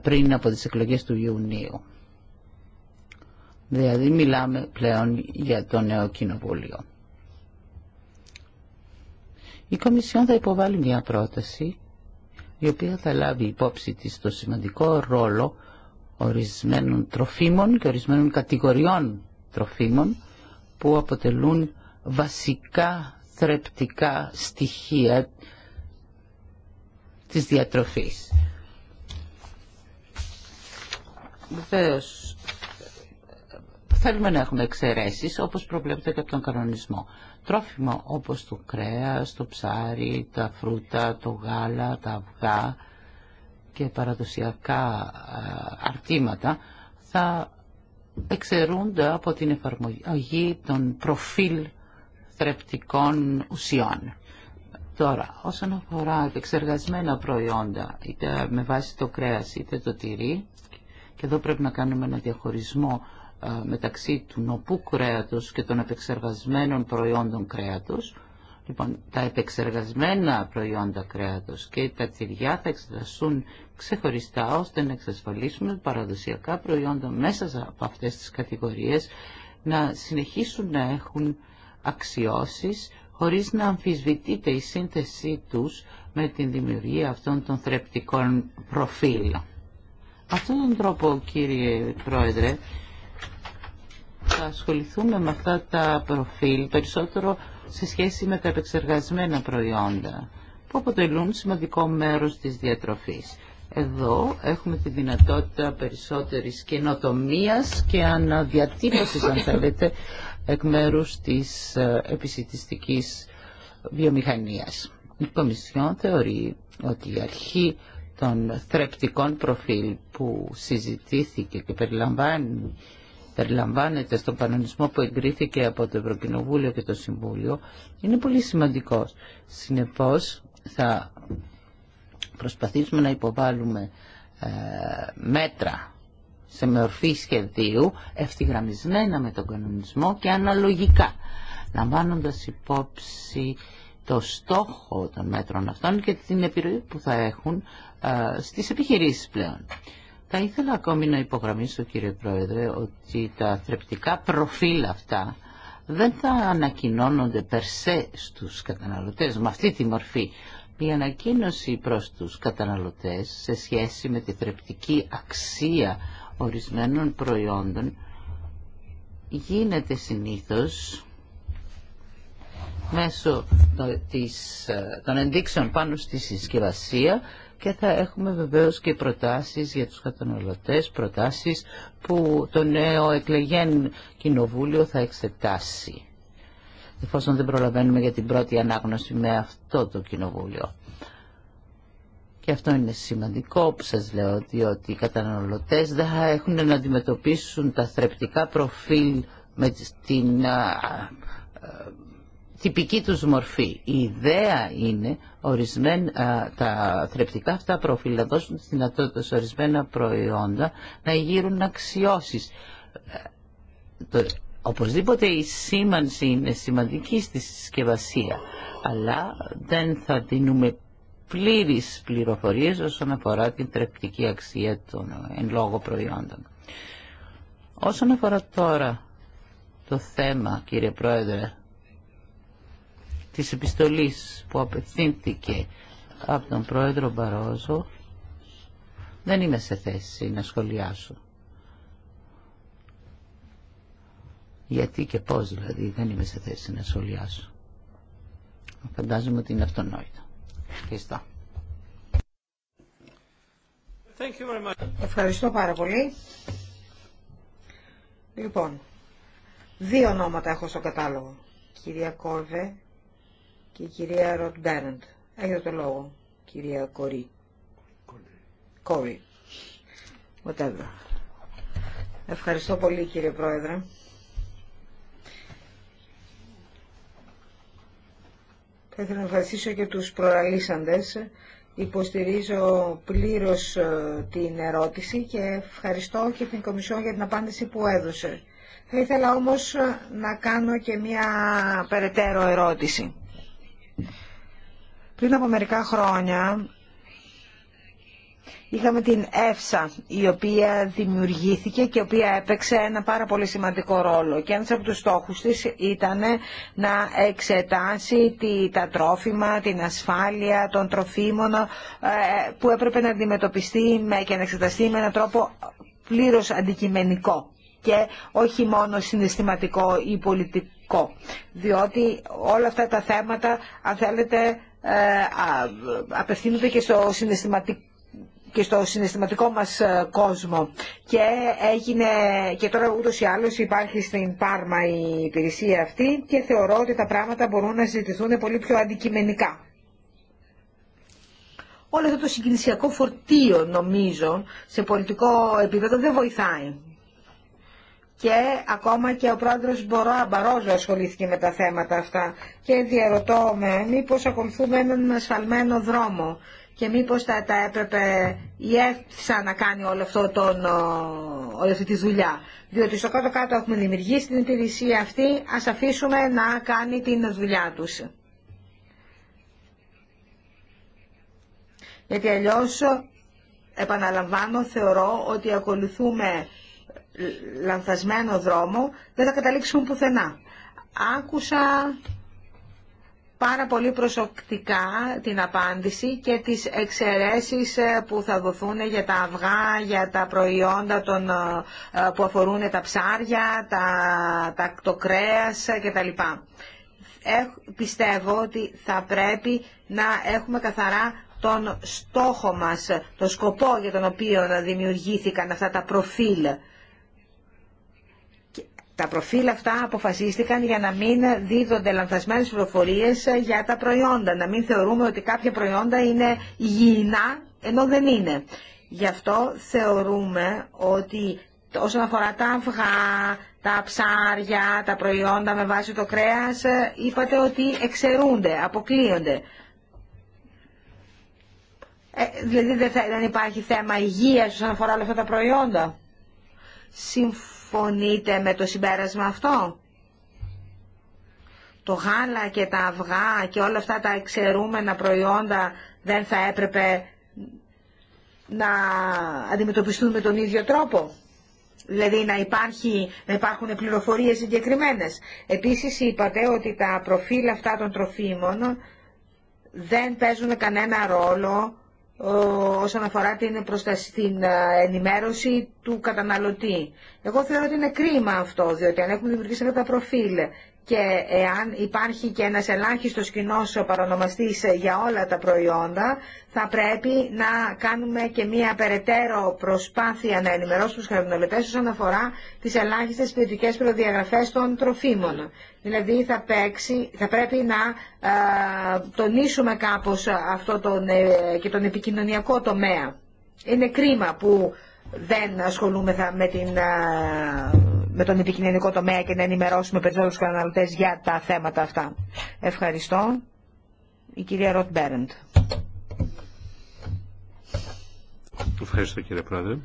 Speaker 3: πριν από τις εκλογές του Ιουνίου. Δηλαδή μιλάμε πλέον για το νέο κοινοβούλιο. Η Κομισιόν θα υποβάλει μια πρόταση η οποία θα λάβει υπόψη της το σημαντικό ρόλο ορισμένων τροφίμων και ορισμένων κατηγοριών τροφίμων που αποτελούν βασικά θρεπτικά στοιχεία της διατροφής. Βεβαίω, θέλουμε να έχουμε εξαιρέσεις όπως προβλέπεται και από τον κανονισμό. Τρόφιμα όπως το κρέας, το ψάρι, τα φρούτα, το γάλα, τα αυγά και παραδοσιακά αρτήματα θα εξαιρούνται από την εφαρμογή των προφίλ θρεπτικών ουσιών. Τώρα, όσον αφορά επεξεργασμένα προϊόντα, είτε με βάση το κρέας είτε το τυρί, και εδώ πρέπει να κάνουμε ένα διαχωρισμό ε, μεταξύ του νοπού κρέατος και των επεξεργασμένων προϊόντων κρέατος, Λοιπόν, τα επεξεργασμένα προϊόντα κρέατος και τα τυριά θα εξεταστούν ξεχωριστά ώστε να εξασφαλίσουμε παραδοσιακά προϊόντα μέσα από αυτές τις κατηγορίες να συνεχίσουν να έχουν αξιώσεις χωρίς να αμφισβητείται η σύνθεσή τους με την δημιουργία αυτών των θρεπτικών προφίλ. Αυτόν τον τρόπο, κύριε Πρόεδρε, θα ασχοληθούμε με αυτά τα προφίλ περισσότερο σε σχέση με τα επεξεργασμένα προϊόντα που αποτελούν σημαντικό μέρος της διατροφής. Εδώ έχουμε τη δυνατότητα περισσότερης καινοτομίας και αναδιατύπωσης, αν θέλετε, εκ μέρους της ε, επισητιστικής βιομηχανίας. Η Κομισιόν θεωρεί ότι η αρχή των θρεπτικών προφίλ που συζητήθηκε και περιλαμβάνει περιλαμβάνεται στον κανονισμό που εγκρίθηκε από το Ευρωκοινοβούλιο και το Συμβούλιο είναι πολύ σημαντικός. Συνεπώς θα προσπαθήσουμε να υποβάλουμε ε, μέτρα σε μορφή σχεδίου ευθυγραμμισμένα με τον κανονισμό και αναλογικά λαμβάνοντας υπόψη το στόχο των μέτρων αυτών και την επιρροή που θα έχουν ε, στις επιχειρήσεις πλέον. Θα ήθελα ακόμη να υπογραμμίσω κύριε Πρόεδρε ότι τα θρεπτικά προφίλ αυτά δεν θα ανακοινώνονται περσέ στους καταναλωτές με αυτή τη μορφή. Η ανακοίνωση προς τους καταναλωτές σε σχέση με τη θρεπτική αξία ορισμένων προϊόντων γίνεται συνήθως μέσω ε, των ενδείξεων πάνω στη συσκευασία και θα έχουμε βεβαίως και προτάσεις για τους καταναλωτές, προτάσεις που το νέο εκλεγέν κοινοβούλιο θα εξετάσει. Εφόσον δεν προλαβαίνουμε για την πρώτη ανάγνωση με αυτό το κοινοβούλιο. Και αυτό είναι σημαντικό που σας λέω, διότι οι καταναλωτές δεν θα έχουν να αντιμετωπίσουν τα θρεπτικά προφίλ με την τυπική τους μορφή. Η ιδέα είναι ορισμένα, τα θρεπτικά αυτά προφίλ να δώσουν τη δυνατότητα σε ορισμένα προϊόντα να γύρουν αξιώσεις. Το, οπωσδήποτε η σήμανση είναι σημαντική στη συσκευασία, αλλά δεν θα δίνουμε πλήρης πληροφορίες όσον αφορά την τρέπτικη αξία των εν λόγω προϊόντων. Όσον αφορά τώρα το θέμα, κύριε Πρόεδρε, της επιστολής που απευθύνθηκε από τον πρόεδρο Μπαρόζο δεν είμαι σε θέση να σχολιάσω. Γιατί και πώς δηλαδή δεν είμαι σε θέση να σχολιάσω. Φαντάζομαι ότι είναι αυτονόητο.
Speaker 1: Ευχαριστώ. Ευχαριστώ πάρα πολύ. Λοιπόν, δύο ονόματα έχω στο κατάλογο. Κυρία Κόρβε και η κυρία Ροτ Έχετε το λόγο, κυρία Κορή. Κόρη. Whatever. Ευχαριστώ πολύ κύριε Πρόεδρε. Θα ήθελα να ευχαριστήσω και τους προαλήσαντες. Υποστηρίζω πλήρως ε, την ερώτηση και ευχαριστώ και την Κομισιόν για την απάντηση που έδωσε. Θα ήθελα όμως ε, να κάνω και μια περαιτέρω ερώτηση. Πριν από μερικά χρόνια είχαμε την ΕΦΣΑ η οποία δημιουργήθηκε και η οποία έπαιξε ένα πάρα πολύ σημαντικό ρόλο και ένας από τους στόχους της ήταν να εξετάσει τα τρόφιμα, την ασφάλεια των τροφίμων ε, που έπρεπε να αντιμετωπιστεί και να εξεταστεί με έναν τρόπο πλήρως αντικειμενικό και όχι μόνο συναισθηματικό ή πολιτικό διότι όλα αυτά τα θέματα, αν θέλετε, ε, απευθύνονται και στο συναισθηματικό και στο μας ε, κόσμο και έγινε και τώρα ούτως ή άλλως υπάρχει στην Πάρμα η υπηρεσία αυτή και θεωρώ ότι τα πράγματα μπορούν να συζητηθούν πολύ πιο αντικειμενικά. Όλο αυτό το συγκινησιακό φορτίο νομίζω σε πολιτικό επίπεδο δεν βοηθάει και ακόμα και ο πρόεδρος Μπορώ Μπαρόζο ασχολήθηκε με τα θέματα αυτά και διαρωτώ με μήπως ακολουθούμε έναν ασφαλμένο δρόμο και μήπως θα τα έπρεπε η ΕΦΣΑ να κάνει όλο αυτό τον, όλη αυτή τη δουλειά. Διότι στο κάτω-κάτω έχουμε δημιουργήσει την υπηρεσία αυτή, ας αφήσουμε να κάνει την δουλειά τους. Γιατί αλλιώς, επαναλαμβάνω, θεωρώ ότι ακολουθούμε λανθασμένο δρόμο δεν θα καταλήξουν πουθενά. Άκουσα πάρα πολύ προσωπικά την απάντηση και τις εξαιρέσεις ε, που θα δοθούν για τα αυγά, για τα προϊόντα ε, ε, που αφορούν τα ψάρια, τα, τα, το κρέας κτλ. πιστεύω ότι θα πρέπει να έχουμε καθαρά τον στόχο μας, τον σκοπό για τον οποίο δημιουργήθηκαν αυτά τα προφίλ τα προφίλ αυτά αποφασίστηκαν για να μην δίδονται λανθασμένες πληροφορίες ε, για τα προϊόντα, να μην θεωρούμε ότι κάποια προϊόντα είναι υγιεινά ενώ δεν είναι. Γι' αυτό θεωρούμε ότι όσον αφορά τα αυγά, τα ψάρια, τα προϊόντα με βάση το κρέας, ε, είπατε ότι εξαιρούνται, αποκλείονται. Ε, δηλαδή δεν, θα, δεν υπάρχει θέμα υγείας όσον αφορά όλα αυτά τα προϊόντα. Συμφωνώ Συμφωνείτε με το συμπέρασμα αυτό. Το γάλα και τα αυγά και όλα αυτά τα εξαιρούμενα προϊόντα δεν θα έπρεπε να αντιμετωπιστούν με τον ίδιο τρόπο. Δηλαδή να, υπάρχει, να υπάρχουν πληροφορίες συγκεκριμένε. Επίσης είπατε ότι τα προφίλ αυτά των τροφίμων δεν παίζουν κανένα ρόλο όσον αφορά την προστασία, ε, ενημέρωση του καταναλωτή. Εγώ θεωρώ ότι είναι κρίμα αυτό, διότι αν έχουν δημιουργήσει αυτά τα προφίλ και εάν υπάρχει και ένας ελάχιστος κοινό παρονομαστής ε, για όλα τα προϊόντα, θα πρέπει να κάνουμε και μία περαιτέρω προσπάθεια να ενημερώσουμε τους καταναλωτές όσον αφορά τις ελάχιστες ποιοτικές προδιαγραφές των τροφίμων. Δηλαδή θα, θα πρέπει να ε, τονίσουμε κάπως αυτό τον, ε, και τον επικοινωνιακό τομέα. Είναι κρίμα που δεν ασχολούμεθα με την με τον επικοινωνικό τομέα και να ενημερώσουμε περισσότερους καταναλωτέ για τα θέματα αυτά. Ευχαριστώ. Η κυρία Ροτ Μπέρεντ.
Speaker 2: Ευχαριστώ κύριε Πρόεδρε.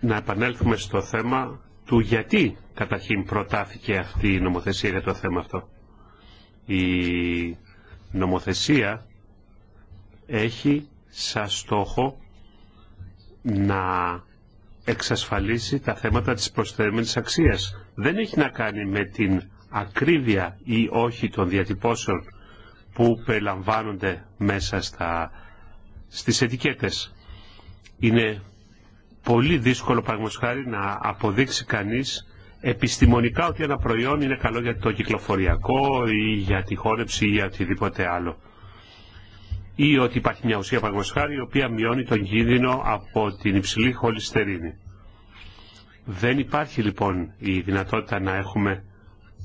Speaker 2: Να επανέλθουμε στο θέμα του γιατί καταρχήν προτάθηκε αυτή η νομοθεσία για το θέμα αυτό. Η νομοθεσία έχει σαν στόχο να εξασφαλίσει τα θέματα της προσθέμενης αξίας. Δεν έχει να κάνει με την ακρίβεια ή όχι των διατυπώσεων που περιλαμβάνονται μέσα στα, στις ετικέτες. Είναι πολύ δύσκολο πραγματικά να αποδείξει κανείς επιστημονικά ότι ένα προϊόν είναι καλό για το κυκλοφοριακό ή για τη χόρεψη ή για οτιδήποτε άλλο ή ότι υπάρχει μια ουσία παγκοσχάρη η οποία μειώνει τον κίνδυνο από την υψηλή χολυστερίνη. Δεν υπάρχει λοιπόν η δυνατότητα να έχουμε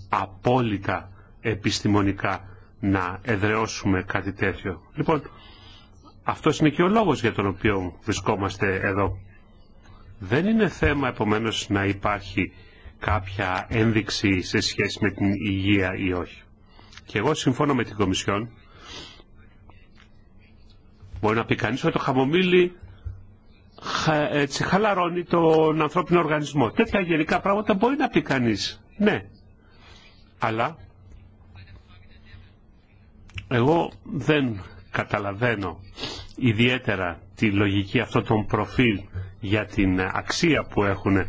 Speaker 2: απόλυτα επιστημονικά να εδραιώσουμε κάτι τέτοιο. Λοιπόν, αυτό είναι και ο λόγος για τον οποίο βρισκόμαστε εδώ. Δεν είναι θέμα επομένως να υπάρχει κάποια ένδειξη σε σχέση με την υγεία ή όχι. Και εγώ συμφώνω με την Κομισιόν Μπορεί να πει κανεί ότι το χαμομήλι έτσι, χαλαρώνει τον ανθρώπινο οργανισμό. Τέτοια γενικά πράγματα μπορεί να πει κανεί, Ναι. Αλλά εγώ δεν καταλαβαίνω ιδιαίτερα τη λογική αυτών των προφίλ για την αξία που έχουν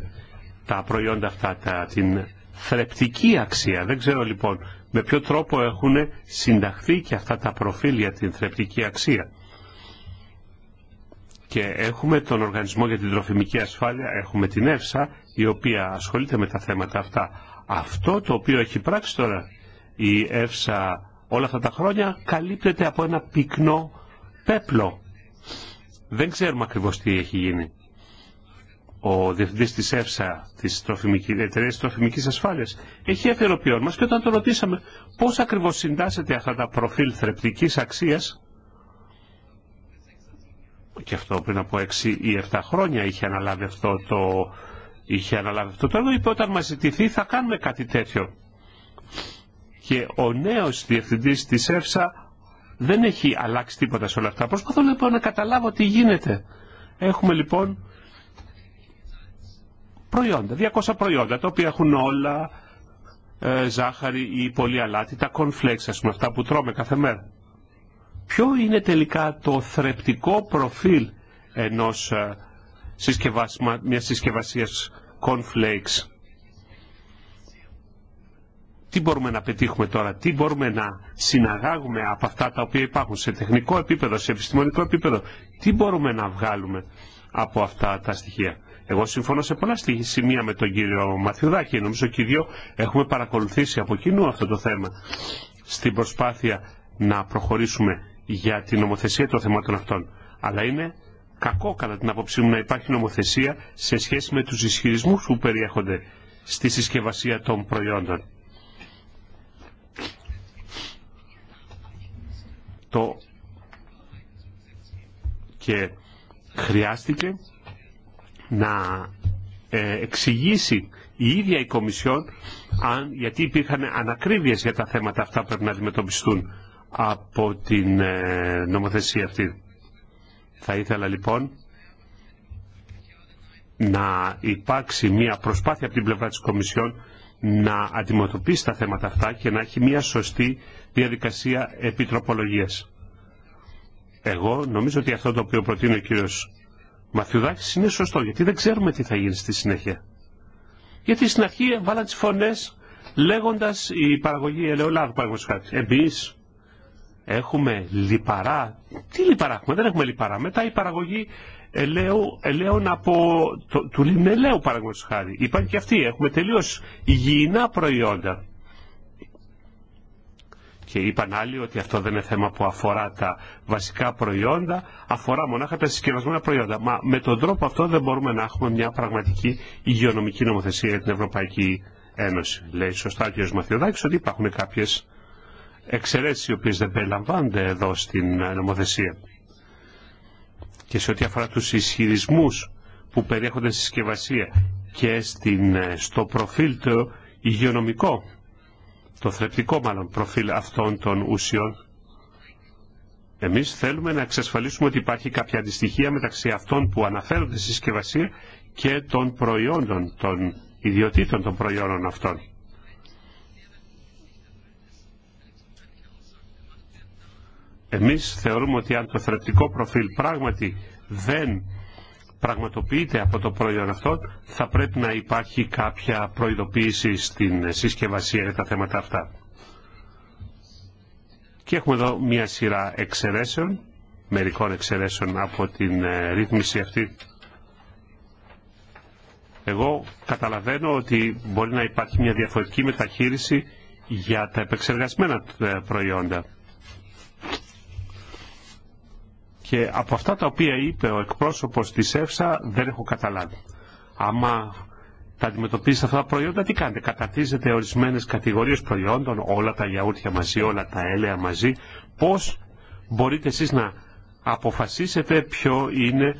Speaker 2: τα προϊόντα αυτά, την θρεπτική αξία. Δεν ξέρω λοιπόν με ποιο τρόπο έχουν συνταχθεί και αυτά τα προφίλ για την θρεπτική αξία και έχουμε τον Οργανισμό για την Τροφιμική Ασφάλεια, έχουμε την ΕΦΣΑ, η οποία ασχολείται με τα θέματα αυτά. Αυτό το οποίο έχει πράξει τώρα η ΕΦΣΑ όλα αυτά τα χρόνια καλύπτεται από ένα πυκνό πέπλο. Δεν ξέρουμε ακριβώς τι έχει γίνει. Ο διευθυντής της ΕΦΣΑ, της τροφιμικής, εταιρείας τροφιμικής ασφάλειας, έχει έρθει μας και όταν τον ρωτήσαμε πώς ακριβώς συντάσσεται αυτά τα προφίλ θρεπτικής αξίας, και αυτό πριν από 6 ή 7 χρόνια είχε αναλάβει αυτό το, είχε αναλάβει αυτό το έργο, είπε όταν μας ζητηθεί θα κάνουμε κάτι τέτοιο. Και ο νέος διευθυντής της ΕΦΣΑ δεν έχει αλλάξει τίποτα σε όλα αυτά. Προσπαθώ λοιπόν να καταλάβω τι γίνεται. Έχουμε λοιπόν προϊόντα, 200 προϊόντα, τα οποία έχουν όλα ε, ζάχαρη ή πολύ αλάτι, τα κονφλέξ, πούμε, αυτά που τρώμε κάθε μέρα ποιο είναι τελικά το θρεπτικό προφίλ ενός ε, συσκευασμα, μιας συσκευασίας cornflakes. Τι μπορούμε να πετύχουμε τώρα, τι μπορούμε να συναγάγουμε από αυτά τα οποία υπάρχουν σε τεχνικό επίπεδο, σε επιστημονικό επίπεδο, τι μπορούμε να βγάλουμε από αυτά τα στοιχεία. Εγώ συμφωνώ σε πολλά σημεία με τον κύριο Μαθιουδάκη. Νομίζω και οι δύο έχουμε παρακολουθήσει από κοινού αυτό το θέμα στην προσπάθεια να προχωρήσουμε για την νομοθεσία των θεμάτων αυτών. Αλλά είναι κακό κατά την άποψή μου να υπάρχει νομοθεσία σε σχέση με τους ισχυρισμούς που περιέχονται στη συσκευασία των προϊόντων. Το και χρειάστηκε να ε, εξηγήσει η ίδια η Κομισιόν αν, γιατί υπήρχαν ανακρίβειες για τα θέματα αυτά που πρέπει να αντιμετωπιστούν από την ε, νομοθεσία αυτή. Θα ήθελα λοιπόν να υπάρξει μια προσπάθεια από την πλευρά της Κομισιόν να αντιμετωπίσει τα θέματα αυτά και να έχει μια σωστή διαδικασία επιτροπολογίας. Εγώ νομίζω ότι αυτό το οποίο προτείνει ο κύριος Μαθιουδάκης είναι σωστό, γιατί δεν ξέρουμε τι θα γίνει στη συνέχεια. Γιατί στην αρχή βάλαν τις φωνές λέγοντας η παραγωγή ελαιολάδου, παραγωγή Εμείς Έχουμε λιπαρά. Τι λιπαρά έχουμε, δεν έχουμε λιπαρά. Μετά η παραγωγή ελαίου, ελαίων από το, του λινελαίου παραγωγή χάρη. Υπάρχει και αυτή. Έχουμε τελείω υγιεινά προϊόντα. Και είπαν άλλοι ότι αυτό δεν είναι θέμα που αφορά τα βασικά προϊόντα, αφορά μονάχα τα συσκευασμένα προϊόντα. Μα με τον τρόπο αυτό δεν μπορούμε να έχουμε μια πραγματική υγειονομική νομοθεσία για την Ευρωπαϊκή Ένωση. Λέει σωστά ο κ. ότι υπάρχουν κάποιες Εξαιρέσει οι οποίες δεν περιλαμβάνονται εδώ στην ε, νομοθεσία. Και σε ό,τι αφορά τους ισχυρισμού που περιέχονται στη συσκευασία και στην, ε, στο προφίλ το υγειονομικό, το θρεπτικό μάλλον προφίλ αυτών των ουσιών, εμείς θέλουμε να εξασφαλίσουμε ότι υπάρχει κάποια αντιστοιχεία μεταξύ αυτών που αναφέρονται στη συσκευασία και των προϊόντων, των ιδιωτήτων των προϊόντων αυτών. Εμείς θεωρούμε ότι αν το θρεπτικό προφίλ πράγματι δεν πραγματοποιείται από το προϊόν αυτό, θα πρέπει να υπάρχει κάποια προειδοποίηση στην συσκευασία για τα θέματα αυτά. Και έχουμε εδώ μία σειρά εξαιρέσεων, μερικών εξαιρέσεων από την ε, ρύθμιση αυτή. Εγώ καταλαβαίνω ότι μπορεί να υπάρχει μια διαφορετική μεταχείριση για τα επεξεργασμένα ε, προϊόντα. Και από αυτά τα οποία είπε ο εκπρόσωπος της ΕΦΣΑ δεν έχω καταλάβει. Άμα τα αντιμετωπίζετε αυτά τα προϊόντα, τι κάνετε. Κατατίζετε ορισμένες κατηγορίες προϊόντων, όλα τα γιαούρτια μαζί, όλα τα έλαια μαζί. Πώς μπορείτε εσείς να αποφασίσετε ποιο είναι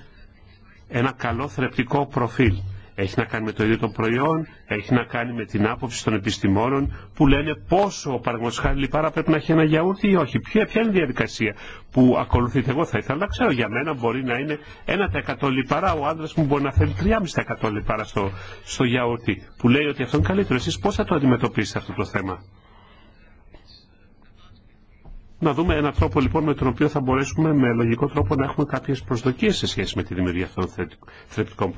Speaker 2: ένα καλό θρεπτικό προφίλ έχει να κάνει με το ίδιο το προϊόν, έχει να κάνει με την άποψη των επιστημόνων που λένε πόσο παραγωγικά λιπάρα πρέπει να έχει ένα γιαούρτι ή όχι. Ποια, ποια είναι η διαδικασία που ακολουθείτε. Εγώ θα ήθελα να ξέρω. Για μένα μπορεί να είναι 1% λιπαρά, ο άντρα μου μπορεί να θέλει 3,5% λιπάρα στο, στο γιαούρτι. Που λέει ότι αυτό είναι καλύτερο. Εσεί πώ θα το αντιμετωπίσετε αυτό το θέμα. Να δούμε έναν τρόπο λοιπόν με τον οποίο θα μπορέσουμε με λογικό τρόπο να έχουμε κάποιες προσδοκίες σε σχέση με τη δημιουργία αυτών θρεπτικών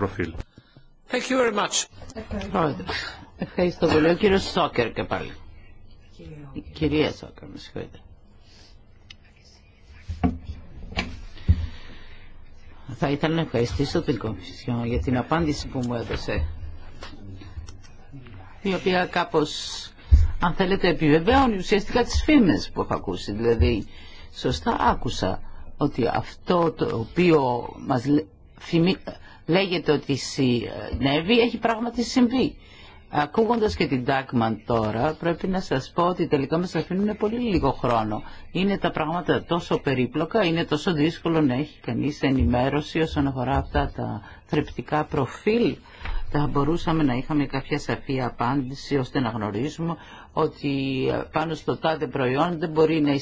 Speaker 3: Thank you very much. Ευχαριστώ. πολύ. Ο κύριος Σόκερ και πάλι. Η κυρία Σόκερ, με συγχωρείτε. Θα ήθελα να ευχαριστήσω την Κομισιόν για την απάντηση που μου έδωσε η οποία κάπως αν θέλετε επιβεβαίωνει ουσιαστικά τις φήμες που έχω ακούσει δηλαδή σωστά άκουσα ότι αυτό το οποίο μας φημί λέγεται ότι συνέβη, έχει πράγματι συμβεί. Ακούγοντας και την Τάκμαν τώρα, πρέπει να σας πω ότι τελικά μας αφήνουν πολύ λίγο χρόνο. Είναι τα πράγματα τόσο περίπλοκα, είναι τόσο δύσκολο να έχει κανείς ενημέρωση όσον αφορά αυτά τα θρεπτικά προφίλ θα μπορούσαμε να είχαμε κάποια σαφή απάντηση ώστε να γνωρίζουμε ότι ε, πάνω στο τάδε προϊόν δεν μπορεί να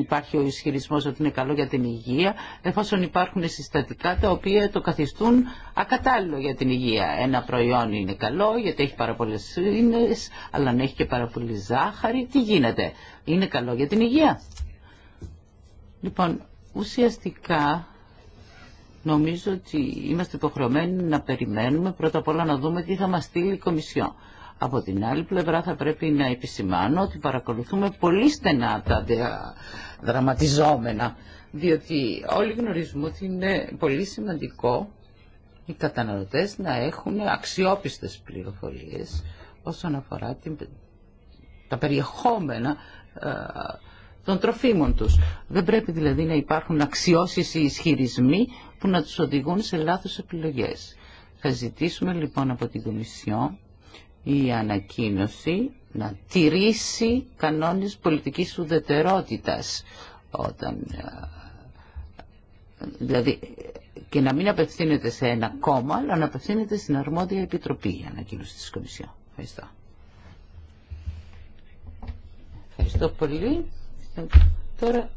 Speaker 3: υπάρχει ο ισχυρισμός ότι είναι καλό για την υγεία εφόσον υπάρχουν συστατικά τα οποία το καθιστούν ακατάλληλο για την υγεία. Ένα προϊόν είναι καλό γιατί έχει πάρα πολλέ ίνες, αλλά αν έχει και πάρα πολύ ζάχαρη, τι γίνεται. Είναι καλό για την υγεία. Λοιπόν, ουσιαστικά νομίζω ότι είμαστε υποχρεωμένοι να περιμένουμε πρώτα απ' όλα να δούμε τι θα μας στείλει η Κομισιό. Από την άλλη πλευρά θα πρέπει να επισημάνω ότι παρακολουθούμε πολύ στενά τα δραματιζόμενα, διότι όλοι γνωρίζουμε ότι είναι πολύ σημαντικό οι καταναλωτές να έχουν αξιόπιστες πληροφορίες όσον αφορά τα περιεχόμενα ε, των τροφίμων τους. Δεν πρέπει δηλαδή να υπάρχουν αξιώσεις ή ισχυρισμοί που να τους οδηγούν σε λάθος επιλογές. Θα ζητήσουμε λοιπόν από την Κομισιό η ανακοίνωση να τηρήσει κανόνες πολιτικής ουδετερότητας όταν, ε, δηλαδή και να μην απευθύνεται σε ένα κόμμα αλλά να απευθύνεται στην αρμόδια επιτροπή η ανακοίνωση της Κομισιό. Ευχαριστώ. Ευχαριστώ πολύ. Ε, τώρα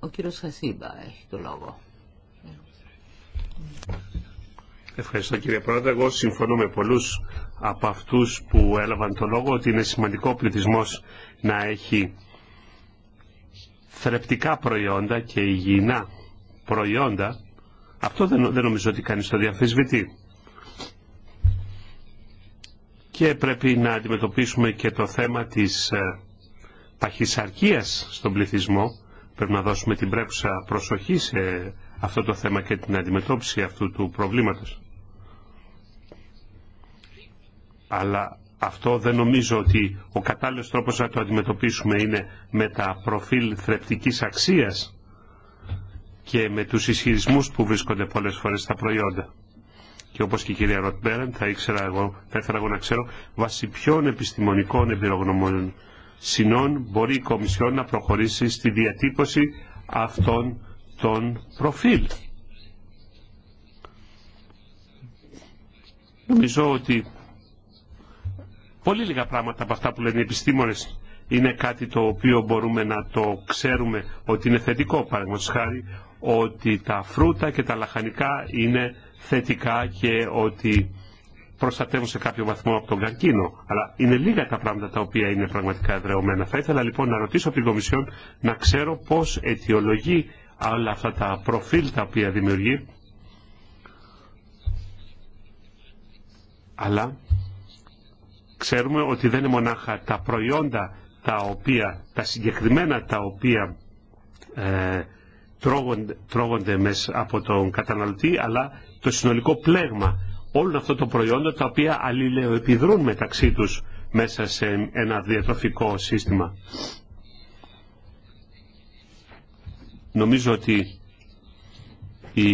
Speaker 3: ο κύριος Χασίμπα έχει
Speaker 2: το λόγο. Ευχαριστώ κύριε Πρόεδρε. Εγώ συμφωνώ με πολλούς από αυτούς που έλαβαν το λόγο ότι είναι σημαντικό ο πληθυσμός να έχει θρεπτικά προϊόντα και υγιεινά προϊόντα. Αυτό δεν, δεν νομίζω ότι κανείς το διαφυσβητεί. Και πρέπει να αντιμετωπίσουμε και το θέμα της ε, παχυσαρκίας στον πληθυσμό. Πρέπει να δώσουμε την πρέπουσα προσοχή σε αυτό το θέμα και την αντιμετώπιση αυτού του προβλήματος. Αλλά αυτό δεν νομίζω ότι ο κατάλληλος τρόπος να το αντιμετωπίσουμε είναι με τα προφίλ θρεπτικής αξίας και με τους ισχυρισμούς που βρίσκονται πολλές φορές στα προϊόντα. Και όπως και η κυρία Ροτμπέρεν θα, ήξερα εγώ, θα ήθελα εγώ να ξέρω βάσει ποιων επιστημονικών εμπειρογνωμών συνών μπορεί η Κομισιόν να προχωρήσει στη διατύπωση αυτών τον προφίλ. Νομίζω ότι πολύ λίγα πράγματα από αυτά που λένε οι επιστήμονες είναι κάτι το οποίο μπορούμε να το ξέρουμε ότι είναι θετικό. Παραδείγματος χάρη ότι τα φρούτα και τα λαχανικά είναι θετικά και ότι προστατεύουν σε κάποιο βαθμό από τον καρκίνο. Αλλά είναι λίγα τα πράγματα τα οποία είναι πραγματικά εδρεωμένα. Θα ήθελα λοιπόν να ρωτήσω την Κομισιόν να ξέρω πώς αιτιολογεί όλα αυτά τα προφίλ τα οποία δημιουργεί αλλά ξέρουμε ότι δεν είναι μονάχα τα προϊόντα τα οποία, τα συγκεκριμένα τα οποία ε, τρώγονται, μέσα από τον καταναλωτή αλλά το συνολικό πλέγμα όλων αυτών των προϊόντων τα οποία αλληλεοεπιδρούν μεταξύ τους μέσα σε ένα διατροφικό σύστημα. Νομίζω ότι η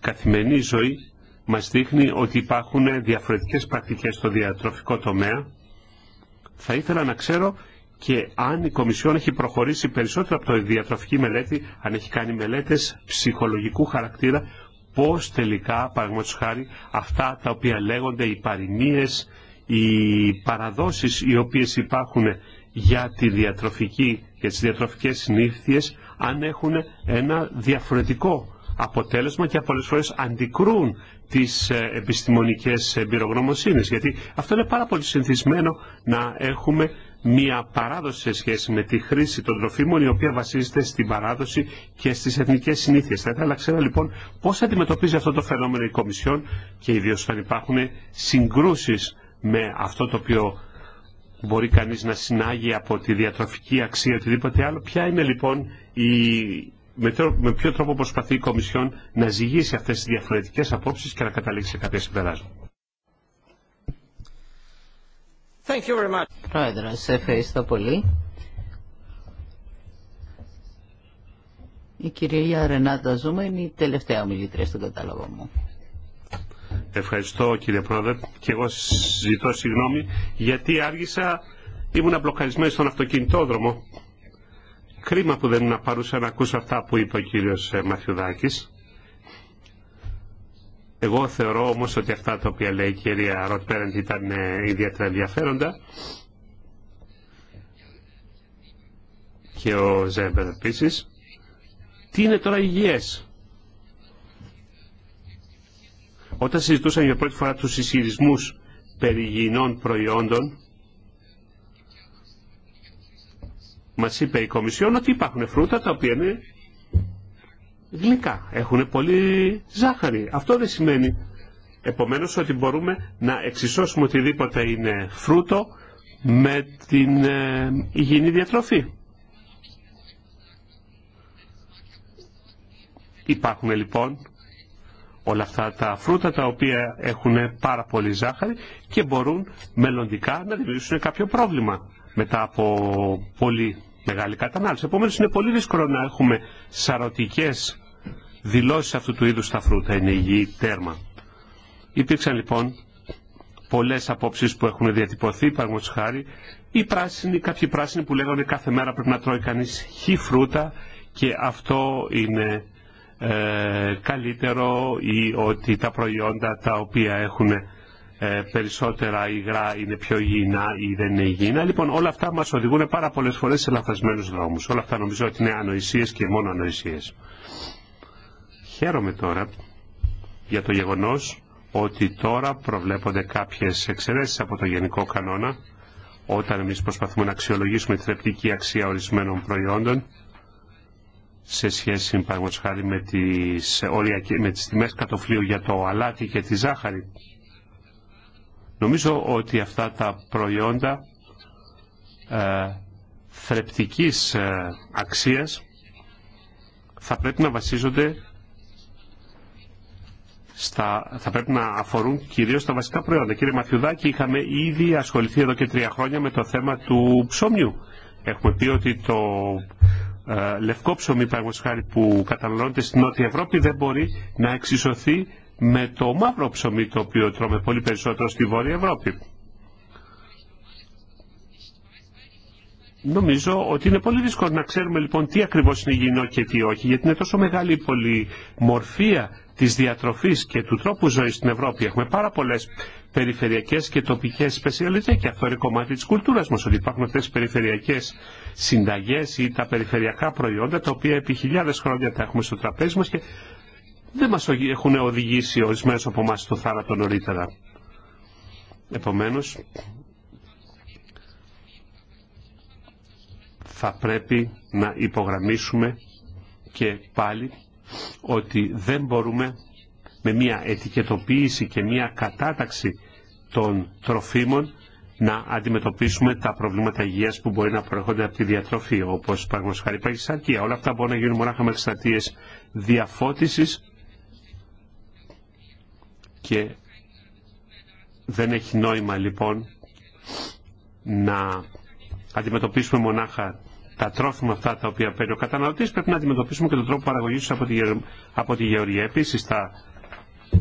Speaker 2: καθημερινή ζωή μας δείχνει ότι υπάρχουν διαφορετικές πρακτικές στο διατροφικό τομέα. Θα ήθελα να ξέρω και αν η Κομισιόν έχει προχωρήσει περισσότερο από το διατροφική μελέτη, αν έχει κάνει μελέτες ψυχολογικού χαρακτήρα, πώς τελικά, παραγματικά, αυτά τα οποία λέγονται οι παροιμίες, οι παραδόσεις οι οποίες υπάρχουν για, τη διατροφική, και τις διατροφικές συνήθειες αν έχουν ένα διαφορετικό αποτέλεσμα και πολλές φορές αντικρούν τις ε, επιστημονικές εμπειρογνωμοσύνες. Γιατί αυτό είναι πάρα πολύ συνηθισμένο να έχουμε μια παράδοση σε σχέση με τη χρήση των τροφίμων η οποία βασίζεται στην παράδοση και στις εθνικές συνήθειες. Θα ήθελα να ξέρω λοιπόν πώς αντιμετωπίζει αυτό το φαινόμενο η Κομισιόν και ιδίως όταν υπάρχουν συγκρούσεις με αυτό το οποίο μπορεί κανείς να συνάγει από τη διατροφική αξία οτιδήποτε άλλο. Ποια είναι λοιπόν η... με, ποιο τρόπο προσπαθεί η Κομισιόν να ζυγίσει αυτές τις διαφορετικές απόψεις και να καταλήξει σε κάποια συμπεράσματα.
Speaker 3: Thank you very much. Πρόεδρο, σε ευχαριστώ πολύ. Η κυρία Ρενάτα Ζούμα είναι η τελευταία ομιλήτρια στον κατάλογο μου.
Speaker 2: Ευχαριστώ κύριε Πρόεδρε και εγώ ζητώ συγγνώμη γιατί άργησα, ήμουν μπλοκαρισμένο στον αυτοκινητόδρομο. Κρίμα που δεν ήμουν παρούσα να ακούσω αυτά που είπε ο κύριος ε, Μαθιουδάκης. Εγώ θεωρώ όμως ότι αυτά τα οποία λέει η κυρία Ροτπέρεντ ήταν ε, ιδιαίτερα ενδιαφέροντα και ο Ζέμπερ επίσης. Τι είναι τώρα υγιές. Όταν συζητούσαν για πρώτη φορά τους ισχυρισμούς περί υγιεινών προϊόντων, μας είπε η Κομισιόν ότι υπάρχουν φρούτα τα οποία είναι γλυκά, έχουν πολύ ζάχαρη. Αυτό δεν σημαίνει επομένως ότι μπορούμε να εξισώσουμε οτιδήποτε είναι φρούτο με την ε, υγιεινή διατροφή. Υπάρχουν λοιπόν όλα αυτά τα φρούτα τα οποία έχουν πάρα πολύ ζάχαρη και μπορούν μελλοντικά να δημιουργήσουν κάποιο πρόβλημα μετά από πολύ μεγάλη κατανάλωση. Επομένω είναι πολύ δύσκολο να έχουμε σαρωτικέ δηλώσει αυτού του είδου στα φρούτα. Είναι υγιή τέρμα. Υπήρξαν λοιπόν πολλέ απόψει που έχουν διατυπωθεί, παραδείγματο χάρη, οι πράσινοι, κάποιοι πράσινοι που λέγανε κάθε μέρα πρέπει να τρώει κανεί χι φρούτα και αυτό είναι ε, καλύτερο ή ότι τα προϊόντα τα οποία έχουν ε, περισσότερα υγρά είναι πιο υγιεινά ή δεν είναι υγιεινά. Λοιπόν, όλα αυτά μας οδηγούν πάρα πολλές φορές σε λαθασμένους δρόμους. Όλα αυτά νομίζω ότι είναι ανοησίες και μόνο ανοησίες. Χαίρομαι τώρα για το γεγονός ότι τώρα προβλέπονται κάποιες εξαιρέσεις από το γενικό κανόνα όταν εμείς προσπαθούμε να αξιολογήσουμε τη θρεπτική αξία ορισμένων προϊόντων σε σχέση με τις, οριακές, με τις τιμές κατοφλίου για το αλάτι και τη ζάχαρη. Νομίζω ότι αυτά τα προϊόντα ε, θρεπτικής ε, αξίας θα πρέπει να βασίζονται στα, θα πρέπει να αφορούν κυρίως τα βασικά προϊόντα. Κύριε Μαθιουδάκη, είχαμε ήδη ασχοληθεί εδώ και τρία χρόνια με το θέμα του ψωμιού. Έχουμε πει ότι το ε, λευκό ψωμί χάρη που καταναλώνεται στην Νότια Ευρώπη δεν μπορεί να εξισωθεί με το μαύρο ψωμί το οποίο τρώμε πολύ περισσότερο στη Βόρεια Ευρώπη. Νομίζω ότι είναι πολύ δύσκολο να ξέρουμε λοιπόν τι ακριβώς είναι υγιεινό και τι όχι, γιατί είναι τόσο μεγάλη η πολυμορφία της διατροφής και του τρόπου ζωής στην Ευρώπη. Έχουμε πάρα πολλές περιφερειακές και τοπικές σπεσιαλιτέ και αυτό είναι κομμάτι της κουλτούρας μας, ότι υπάρχουν αυτές τις περιφερειακές συνταγές ή τα περιφερειακά προϊόντα, τα οποία επί χιλιάδες χρόνια τα έχουμε στο τραπέζι μας και δεν μας έχουν οδηγήσει ορισμένε από εμά στο θάνατο νωρίτερα. Επομένως, θα πρέπει να υπογραμμίσουμε και πάλι ότι δεν μπορούμε με μια ετικετοποίηση και μια κατάταξη των τροφίμων να αντιμετωπίσουμε τα προβλήματα υγεία που μπορεί να προέρχονται από τη διατροφή. Όπω παραδείγματο χάρη υπάρχει Όλα αυτά μπορούν να γίνουν μονάχα με στατίες διαφώτιση και δεν έχει νόημα λοιπόν να αντιμετωπίσουμε μονάχα τα τρόφιμα αυτά τα οποία παίρνει ο καταναλωτής πρέπει να αντιμετωπίσουμε και τον τρόπο παραγωγής από τη, από τη γεωργία. Επίσης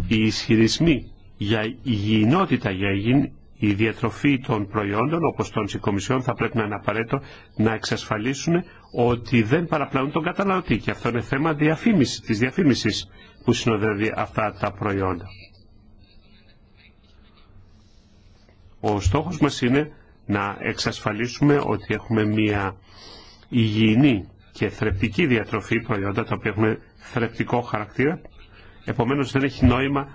Speaker 2: οι ισχυρισμοί για υγιεινότητα, για υγιειν, η διατροφή των προϊόντων όπως των συγκομισιών θα πρέπει να είναι απαραίτητο να εξασφαλίσουν ότι δεν παραπλανούν τον καταναλωτή και αυτό είναι θέμα διαφήμιση της διαφήμισης που συνοδεύει αυτά τα προϊόντα. Ο στόχος μας είναι να εξασφαλίσουμε ότι έχουμε μία υγιεινή και θρεπτική διατροφή, προϊόντα τα οποία έχουν θρεπτικό χαρακτήρα. Επομένως δεν έχει νόημα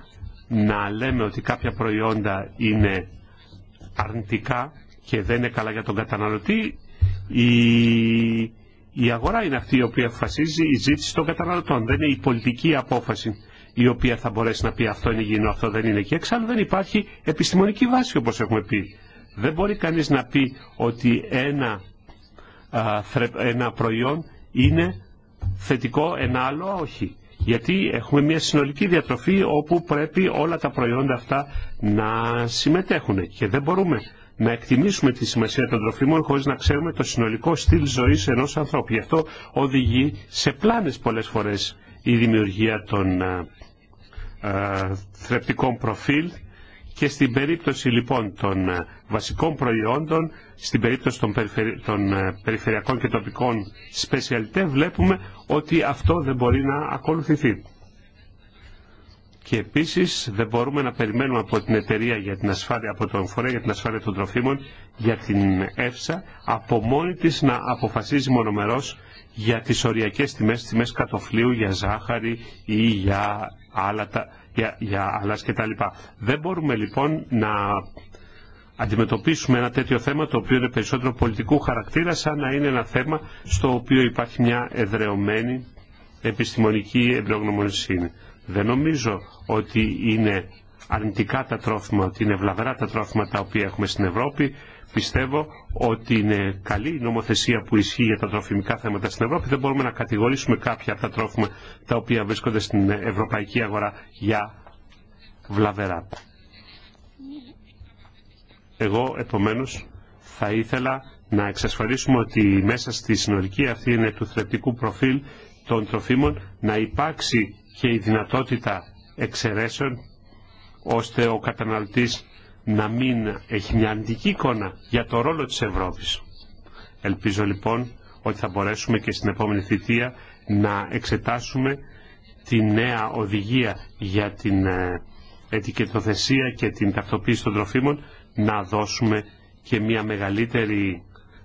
Speaker 2: να λέμε ότι κάποια προϊόντα είναι αρνητικά και δεν είναι καλά για τον καταναλωτή. Η, η αγορά είναι αυτή η οποία αποφασίζει η ζήτηση των καταναλωτών. Δεν είναι η πολιτική απόφαση η οποία θα μπορέσει να πει αυτό είναι υγιεινό, αυτό δεν είναι. Και εξάλλου δεν υπάρχει επιστημονική βάση όπως έχουμε πει. Δεν μπορεί κανείς να πει ότι ένα ένα προϊόν είναι θετικό, ένα άλλο όχι. Γιατί έχουμε μια συνολική διατροφή όπου πρέπει όλα τα προϊόντα αυτά να συμμετέχουν και δεν μπορούμε να εκτιμήσουμε τη σημασία των τροφίμων χωρίς να ξέρουμε το συνολικό στυλ ζωής ενός ανθρώπου. Γι' αυτό οδηγεί σε πλάνες πολλές φορές η δημιουργία των θρεπτικών προφίλ και στην περίπτωση λοιπόν των ε, βασικών προϊόντων, στην περίπτωση των, ε, περιφερειακών και τοπικών σπεσιαλιτέ, βλέπουμε ότι αυτό δεν μπορεί να ακολουθηθεί. Και επίσης δεν μπορούμε να περιμένουμε από την εταιρεία για την ασφάλεια, από τον φορέα για την ασφάλεια των τροφίμων, για την ΕΦΣΑ, από μόνη της να αποφασίζει μονομερός για τις οριακές τιμές, τιμές κατοφλίου, για ζάχαρη ή για, άλλα, για, για Δεν μπορούμε λοιπόν να αντιμετωπίσουμε ένα τέτοιο θέμα το οποίο είναι περισσότερο πολιτικού χαρακτήρα σαν να είναι ένα θέμα στο οποίο υπάρχει μια εδρεωμένη επιστημονική εμπειρογνωμοσύνη. Δεν νομίζω ότι είναι αρνητικά τα τρόφιμα, ότι είναι βλαβερά τα τρόφιμα τα οποία έχουμε στην Ευρώπη. Πιστεύω ότι είναι καλή η νομοθεσία που ισχύει για τα τροφιμικά θέματα στην Ευρώπη. Δεν μπορούμε να κατηγορήσουμε κάποια από τα τρόφιμα τα οποία βρίσκονται στην ευρωπαϊκή αγορά για βλαβερά. Εγώ επομένως θα ήθελα να εξασφαλίσουμε ότι μέσα στη συνολική αυτή είναι του θρεπτικού προφίλ των τροφίμων να υπάρξει και η δυνατότητα εξαιρέσεων ώστε ο καταναλωτής να μην έχει μια αντική εικόνα για το ρόλο της Ευρώπης. Ελπίζω λοιπόν ότι θα μπορέσουμε και στην επόμενη θητεία να εξετάσουμε τη νέα οδηγία για την ε, ετικετοθεσία και την τακτοποίηση των τροφίμων να δώσουμε και μια μεγαλύτερη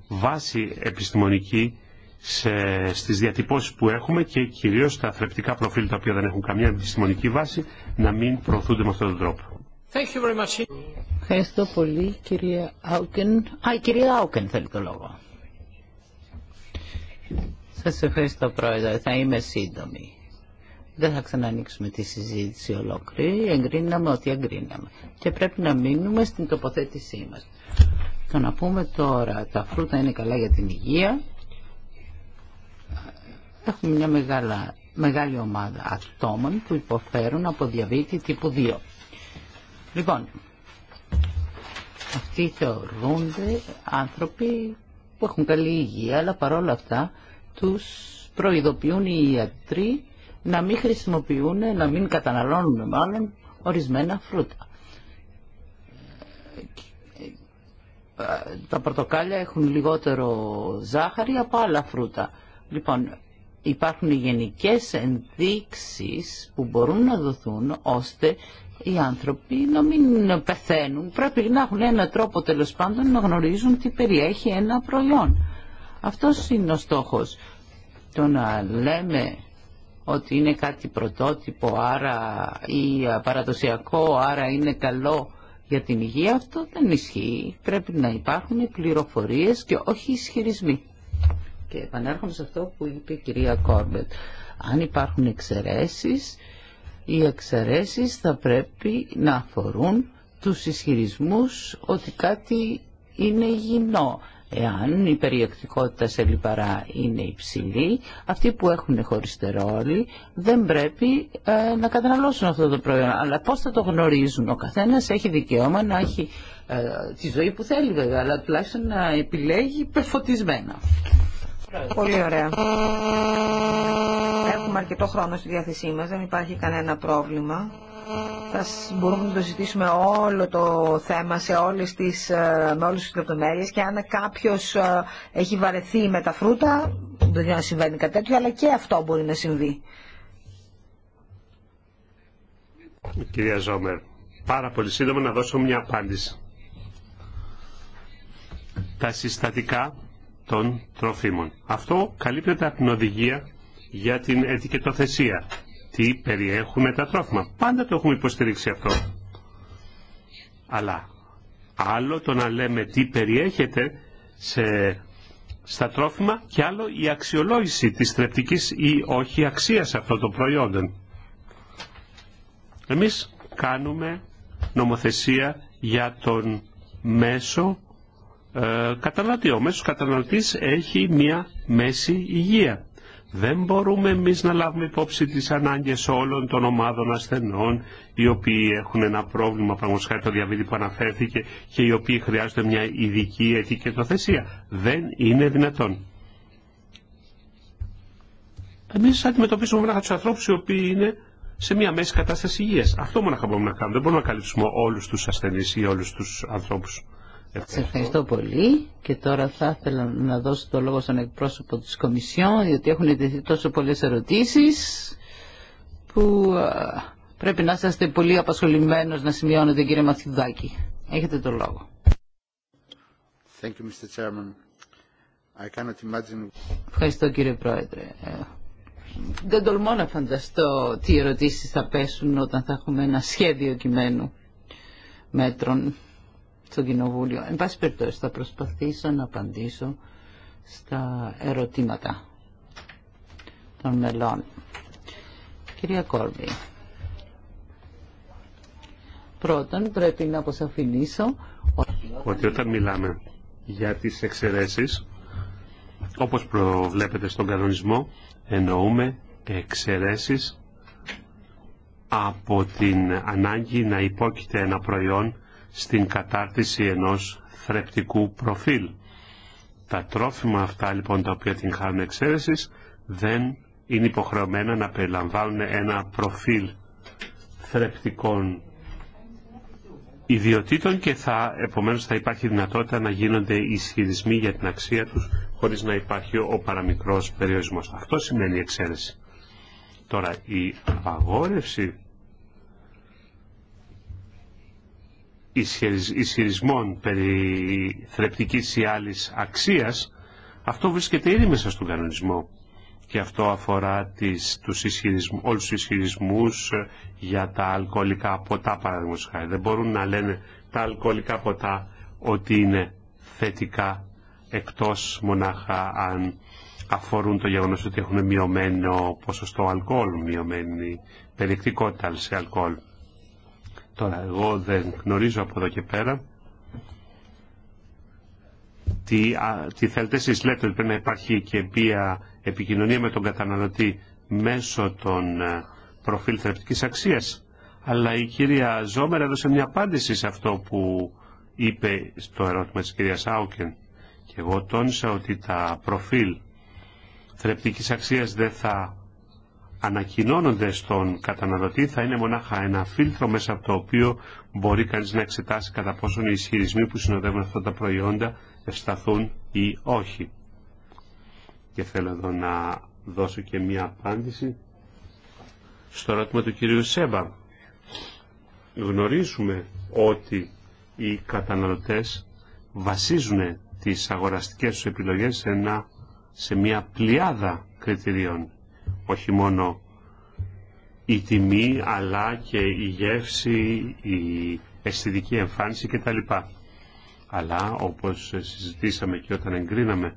Speaker 2: βάση επιστημονική σε, στις διατυπώσεις που έχουμε και κυρίως τα θρεπτικά προφίλ τα οποία δεν έχουν καμία επιστημονική βάση να μην προωθούνται με αυτόν τον τρόπο.
Speaker 3: Ευχαριστώ πολύ κυρία Άουκεν. Α, η κυρία Άουκεν θέλει το λόγο. Σας ευχαριστώ πρόεδρε, θα είμαι σύντομη. Δεν θα ξανανοίξουμε τη συζήτηση ολόκληρη, εγκρίναμε ό,τι εγκρίναμε. Και πρέπει να μείνουμε στην τοποθέτησή μας. Το να πούμε τώρα, τα φρούτα είναι καλά για την υγεία. Έχουμε μια μεγάλη ομάδα ατόμων που υποφέρουν από διαβήτη τύπου 2. Λοιπόν, αυτοί θεωρούνται άνθρωποι που έχουν καλή υγεία, αλλά παρόλα αυτά τους προειδοποιούν οι ιατροί να μην χρησιμοποιούν, να μην καταναλώνουν μάλλον ορισμένα φρούτα. Τα πορτοκάλια έχουν λιγότερο ζάχαρη από άλλα φρούτα. Λοιπόν, υπάρχουν γενικές ενδείξεις που μπορούν να δοθούν ώστε οι άνθρωποι να μην πεθαίνουν. Πρέπει να έχουν έναν τρόπο τέλο πάντων να γνωρίζουν τι περιέχει ένα προϊόν. Αυτό είναι ο στόχος. Το να λέμε ότι είναι κάτι πρωτότυπο άρα ή παραδοσιακό άρα είναι καλό για την υγεία αυτό δεν ισχύει. Πρέπει να υπάρχουν πληροφορίε και όχι ισχυρισμοί. Και επανέρχομαι σε αυτό που είπε η κυρία Κόρμπετ. Αν υπάρχουν εξαιρεσει. Οι εξαιρέσει θα πρέπει να αφορούν τους ισχυρισμούς ότι κάτι είναι υγιεινό. Εάν η περιεκτικότητα σε λιπαρά είναι υψηλή, αυτοί που έχουν χωριστερόλοι δεν πρέπει ε, να καταναλώσουν αυτό το προϊόν. Αλλά πώς θα το γνωρίζουν. Ο καθένας έχει δικαίωμα να έχει ε, τη ζωή που θέλει βέβαια, αλλά τουλάχιστον να επιλέγει πεφωτισμένα.
Speaker 1: Πολύ ωραία. Έχουμε αρκετό χρόνο στη διάθεσή μας, δεν υπάρχει κανένα πρόβλημα. Θα μπορούμε να το ζητήσουμε όλο το θέμα σε όλες τις, ε, με όλες τις λεπτομέρειες και αν κάποιος ε, έχει βαρεθεί με τα φρούτα, δεν να συμβαίνει κάτι τέτοιο, αλλά και αυτό μπορεί να συμβεί.
Speaker 2: Κυρία Ζόμερ, πάρα πολύ σύντομα να δώσω μια απάντηση. Τα συστατικά των τροφίμων. Αυτό καλύπτεται από την οδηγία για την ετικετοθεσία. Τι περιέχουμε τα τρόφιμα. Πάντα το έχουμε υποστηρίξει αυτό. Αλλά άλλο το να λέμε τι περιέχεται σε, στα τρόφιμα και άλλο η αξιολόγηση της θρεπτικής ή όχι αξίας αυτών των προϊόντων. Εμείς κάνουμε νομοθεσία για τον μέσο ε, καταναλωτή. Ο μέσος καταναλωτής έχει μία μέση υγεία. Δεν μπορούμε εμείς να λάβουμε υπόψη τις ανάγκες όλων των ομάδων ασθενών οι οποίοι έχουν ένα πρόβλημα, πραγματικά το διαβίδι που αναφέρθηκε και οι οποίοι χρειάζονται μια ειδική ετικετοθεσία. Δεν είναι δυνατόν. Εμείς αντιμετωπίζουμε μόνο τους ανθρώπους οι οποίοι είναι σε μια μέση κατάσταση υγείας. Αυτό μόνο μπορούμε να κάνουμε. Δεν μπορούμε να καλύψουμε όλους τους ασθενείς ή όλους τους ανθρώπους.
Speaker 3: Ευχαριστώ. ευχαριστώ πολύ και τώρα θα ήθελα να δώσω το λόγο στον εκπρόσωπο της Κομισιόν διότι έχουν ειδηθεί τόσο πολλές ερωτήσεις που πρέπει να είστε πολύ απασχολημένος να σημειώνετε κύριε Μαθιουδάκη. Έχετε το λόγο. Ευχαριστώ κύριε Πρόεδρε. Ε, δεν τολμώ να φανταστώ τι ερωτήσεις θα πέσουν όταν θα έχουμε ένα σχέδιο κειμένου μέτρων στο Κοινοβούλιο. Εν πάση περιπτώσει θα προσπαθήσω να απαντήσω στα ερωτήματα των μελών. Κυρία Κόρμπη, πρώτον πρέπει να αποσαφηνίσω
Speaker 2: ότι όταν μιλάμε για τις εξαιρεσει, όπως προβλέπετε στον κανονισμό, εννοούμε εξαιρεσει από την ανάγκη να υπόκειται ένα προϊόν στην κατάρτιση ενός θρεπτικού προφίλ. Τα τρόφιμα αυτά λοιπόν τα οποία την χάνουν εξαίρεση δεν είναι υποχρεωμένα να περιλαμβάνουν ένα προφίλ θρεπτικών ιδιωτήτων και θα, επομένως θα υπάρχει δυνατότητα να γίνονται ισχυρισμοί για την αξία τους χωρίς να υπάρχει ο παραμικρός περιορισμός. Αυτό σημαίνει εξαίρεση. Τώρα η απαγόρευση ισχυρισμών περί θρεπτικής ή άλλης αξίας, αυτό βρίσκεται ήδη μέσα στον κανονισμό. Και αυτό αφορά τις, τους ισχυρισμούς όλους τους ισχυρισμούς ε, για τα αλκοολικά ποτά, παραδείγματος χάρη. Δεν μπορούν να λένε τα αλκοολικά ποτά ότι είναι θετικά, εκτός μονάχα αν αφορούν το γεγονός ότι έχουν μειωμένο ποσοστό αλκοόλ, μειωμένη περιεκτικότητα σε αλκοόλ. Τώρα εγώ δεν γνωρίζω από εδώ και πέρα τι, θέλετε εσείς. Λέτε ότι πρέπει να υπάρχει και μία επικοινωνία με τον καταναλωτή μέσω των ε, προφίλ θρεπτικής αξίας. Αλλά η κυρία Ζόμερ έδωσε μια απάντηση σε αυτό που είπε στο ερώτημα της κυρίας Άουκεν. Και εγώ τόνισα ότι τα προφίλ θρεπτικής αξίας δεν θα ανακοινώνονται στον καταναλωτή θα είναι μονάχα ένα φίλτρο μέσα από το οποίο μπορεί κανείς να εξετάσει κατά πόσον οι ισχυρισμοί που συνοδεύουν αυτά τα προϊόντα ευσταθούν ή όχι. Και θέλω εδώ να δώσω και μία απάντηση στο ερώτημα του κυρίου Σέμπα. Γνωρίζουμε ότι οι καταναλωτές βασίζουν τις αγοραστικές τους επιλογές σε, σε μια πλειάδα κριτηρίων όχι μόνο η τιμή αλλά και η γεύση, η αισθητική εμφάνιση κτλ. Αλλά όπως συζητήσαμε και όταν εγκρίναμε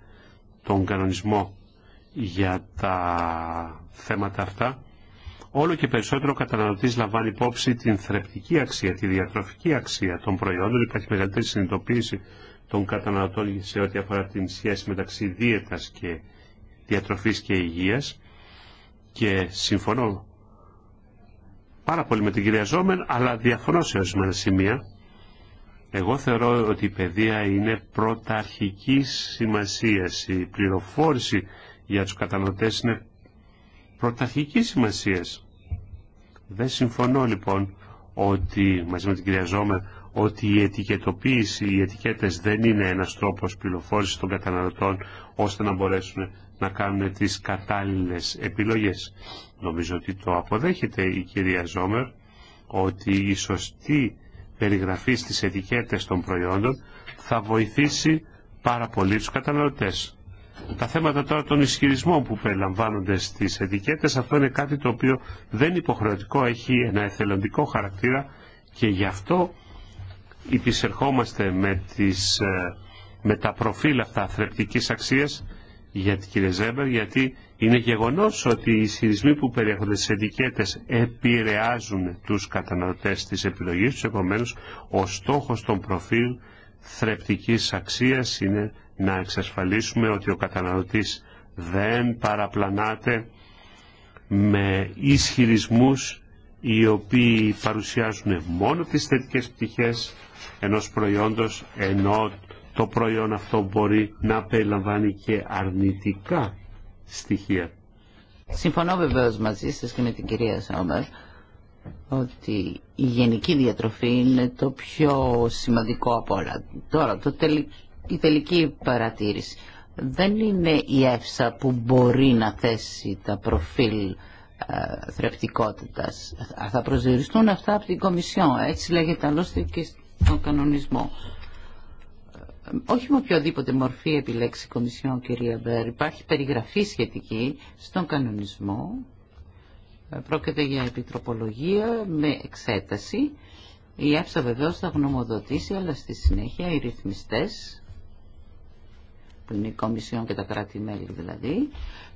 Speaker 2: τον κανονισμό για τα θέματα αυτά, όλο και περισσότερο ο καταναλωτής λαμβάνει υπόψη την θρεπτική αξία, τη διατροφική αξία των προϊόντων. Υπάρχει μεγαλύτερη συνειδητοποίηση των καταναλωτών σε ό,τι αφορά την σχέση μεταξύ δίαιτας και διατροφής και υγείας και συμφωνώ πάρα πολύ με την κυρία Ζώμεν, αλλά διαφωνώ σε ορισμένα σημεία. Εγώ θεωρώ ότι η παιδεία είναι πρωταρχικής σημασίας. Η πληροφόρηση για τους κατανοτές είναι πρωταρχικής σημασίας. Δεν συμφωνώ λοιπόν ότι, μαζί με την κυρία Ζόμερ ότι η ετικετοποίηση, οι ετικέτες δεν είναι ένας τρόπος πληροφόρησης των καταναλωτών ώστε να μπορέσουν να κάνουν τις κατάλληλες επιλογές. Νομίζω ότι το αποδέχεται η κυρία Ζόμερ ότι η σωστή περιγραφή στις ετικέτες των προϊόντων θα βοηθήσει πάρα πολύ τους καταναλωτές. Τα θέματα τώρα των ισχυρισμών που περιλαμβάνονται στις ετικέτες, αυτό είναι κάτι το οποίο δεν υποχρεωτικό, έχει ένα εθελοντικό χαρακτήρα και γι' αυτό υπησερχόμαστε με, τις, ε, με τα προφίλ αυτά θρεπτικής αξίας, γιατί κύριε Ζέμπερ, γιατί είναι γεγονός ότι οι ισχυρισμοί που περιέχονται στις ετικέτες επηρεάζουν τους καταναλωτές της επιλογής τους, επομένως ο στόχος των προφίλ θρεπτικής αξίας είναι να εξασφαλίσουμε ότι ο καταναλωτής δεν παραπλανάται με ισχυρισμούς οι οποίοι παρουσιάζουν μόνο τις θετικές πτυχές ενός προϊόντος, ενώ το προϊόν αυτό μπορεί να περιλαμβάνει και αρνητικά στοιχεία.
Speaker 3: Συμφωνώ βεβαίω μαζί σας και με την κυρία Σόμερ ότι η γενική διατροφή είναι το πιο σημαντικό από όλα. Τώρα, το τελικό η τελική παρατήρηση. Δεν είναι η ΕΦΣΑ που μπορεί να θέσει τα προφίλ ε, θρεπτικότητας. Θα προσδιοριστούν αυτά από την Κομισιόν. Έτσι λέγεται άλλωστε και στον κανονισμό. Ε, όχι με οποιοδήποτε μορφή επιλέξει η Κομισιόν, κυρία Μπέρ. Υπάρχει περιγραφή σχετική στον κανονισμό. Ε, πρόκειται για επιτροπολογία με εξέταση. Η ΕΦΣΑ βεβαίω θα γνωμοδοτήσει, αλλά στη συνέχεια οι ρυθμιστές που είναι η Κομισιόν και τα κράτη-μέλη δηλαδή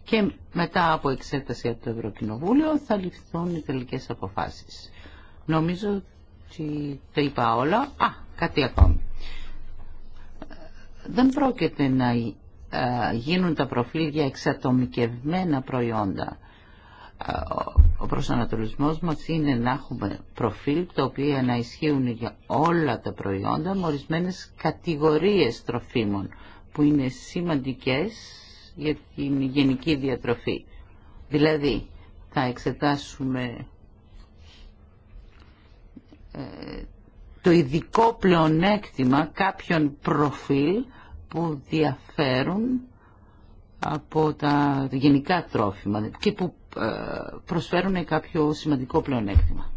Speaker 3: και μετά από εξέταση από το Ευρωκοινοβούλιο θα ληφθούν οι τελικές αποφάσεις. Νομίζω ότι τα είπα όλα. Α, κάτι ακόμη. Δεν πρόκειται να ε, γίνουν τα προφίλ για εξατομικευμένα προϊόντα. Ε, ο προσανατολισμός μας είναι να έχουμε προφίλ τα οποία να ισχύουν για όλα τα προϊόντα με ορισμένες κατηγορίες τροφίμων που είναι σημαντικές για την γενική διατροφή. Δηλαδή, θα εξετάσουμε ε, το ειδικό πλεονέκτημα κάποιων προφίλ που διαφέρουν από τα γενικά τρόφιμα και που ε, προσφέρουν κάποιο σημαντικό πλεονέκτημα.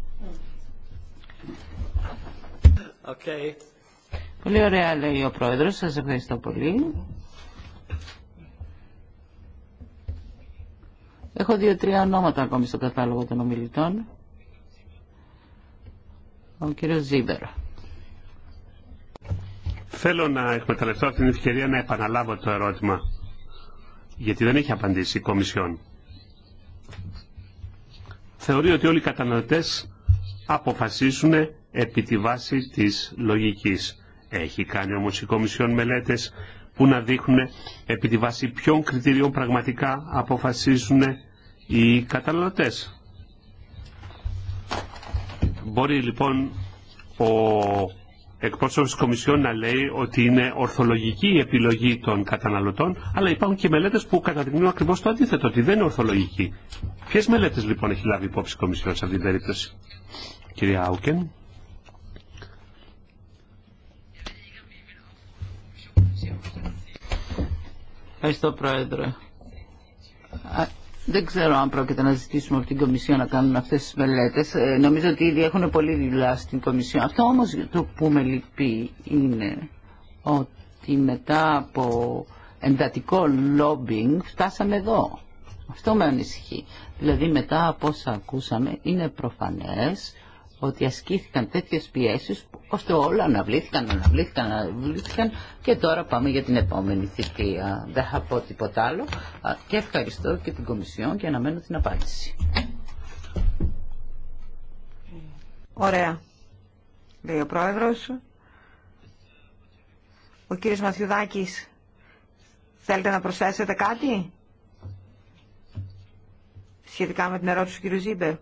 Speaker 3: Okay. Πολύ ωραία λέει ο πρόεδρος, σας ευχαριστώ πολύ. Έχω δύο-τρία ονόματα ακόμη στο κατάλογο των ομιλητών. Ο κύριος Ζήμπερα.
Speaker 2: Θέλω να εκμεταλλευτώ την ευκαιρία να επαναλάβω το ερώτημα, γιατί δεν έχει απαντήσει η Κομισιόν. Θεωρεί ότι όλοι οι καταναλωτές αποφασίσουν επί τη βάση της λογικής. Έχει κάνει όμως η Κομισιόν μελέτες που να δείχνουν επί τη βάση ποιων κριτηρίων πραγματικά αποφασίζουν οι καταναλωτές. Μπορεί λοιπόν ο εκπρόσωπος της Κομισιόν να λέει ότι είναι ορθολογική η επιλογή των καταναλωτών, αλλά υπάρχουν και μελέτες που καταδεικνύουν ακριβώς το αντίθετο, ότι δεν είναι ορθολογική. Ποιες μελέτες λοιπόν έχει λάβει υπόψη η Κομισιόν σε αυτήν την περίπτωση. Κυρία Άουκεν.
Speaker 3: Ευχαριστώ Πρόεδρε. Δεν ξέρω αν πρόκειται να ζητήσουμε από την Κομισιό να κάνουν αυτές τις μελέτες. Ε, νομίζω ότι ήδη έχουν πολύ δουλειά στην Κομισιό. Αυτό όμως το που με λυπεί είναι ότι μετά από εντατικό λόμπινγκ φτάσαμε εδώ. Αυτό με ανησυχεί. Δηλαδή μετά από όσα ακούσαμε είναι προφανές ότι ασκήθηκαν τέτοιε πιέσεις ώστε όλα αναβλήθηκαν, αναβλήθηκαν, αναβλήθηκαν και τώρα πάμε για την επόμενη θητεία. Δεν θα πω τίποτα άλλο και ευχαριστώ και την Κομισιόν και αναμένω την απάντηση.
Speaker 1: Ωραία. Λέει ο Πρόεδρος. Ο κύριος Μαθιουδάκης, θέλετε να προσθέσετε κάτι σχετικά με την ερώτηση του κύριου Ζήμπερ.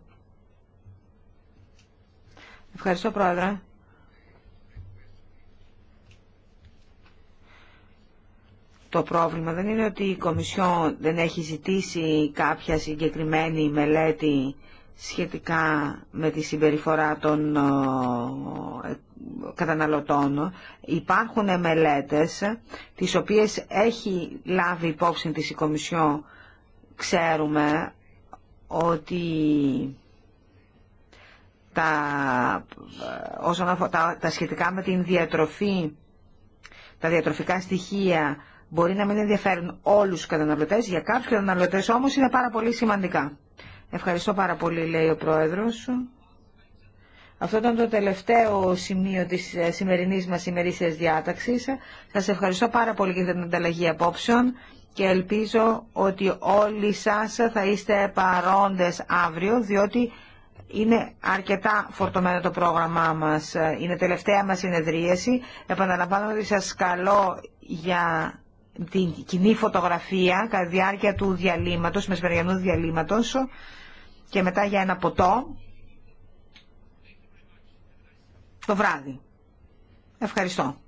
Speaker 1: Ευχαριστώ, Πρόεδρε. Το πρόβλημα δεν είναι ότι η Κομισιό δεν έχει ζητήσει κάποια συγκεκριμένη μελέτη σχετικά με τη συμπεριφορά των ε, καταναλωτών. Υπάρχουν μελέτες τις οποίες έχει λάβει υπόψη της η Κομισιό. Ξέρουμε ότι τα, όσον αφορά τα, σχετικά με την διατροφή, τα διατροφικά στοιχεία μπορεί να μην ενδιαφέρουν όλους τους καταναλωτές, για κάποιους καταναλωτές όμως είναι πάρα πολύ σημαντικά. Ευχαριστώ πάρα πολύ, λέει ο Πρόεδρος. Αυτό ήταν το τελευταίο σημείο της ε, σημερινής μας ημερήσιας διάταξης. Σας ευχαριστώ πάρα πολύ για την ανταλλαγή απόψεων και ελπίζω ότι όλοι σας θα είστε παρόντες αύριο, διότι είναι αρκετά φορτωμένο το πρόγραμμά μας. Είναι τελευταία μας συνεδρίαση. Επαναλαμβάνω ότι σας καλώ για την κοινή φωτογραφία κατά διάρκεια του διαλύματος, μεσημεριανού διαλύματος και μετά για ένα ποτό το βράδυ. Ευχαριστώ.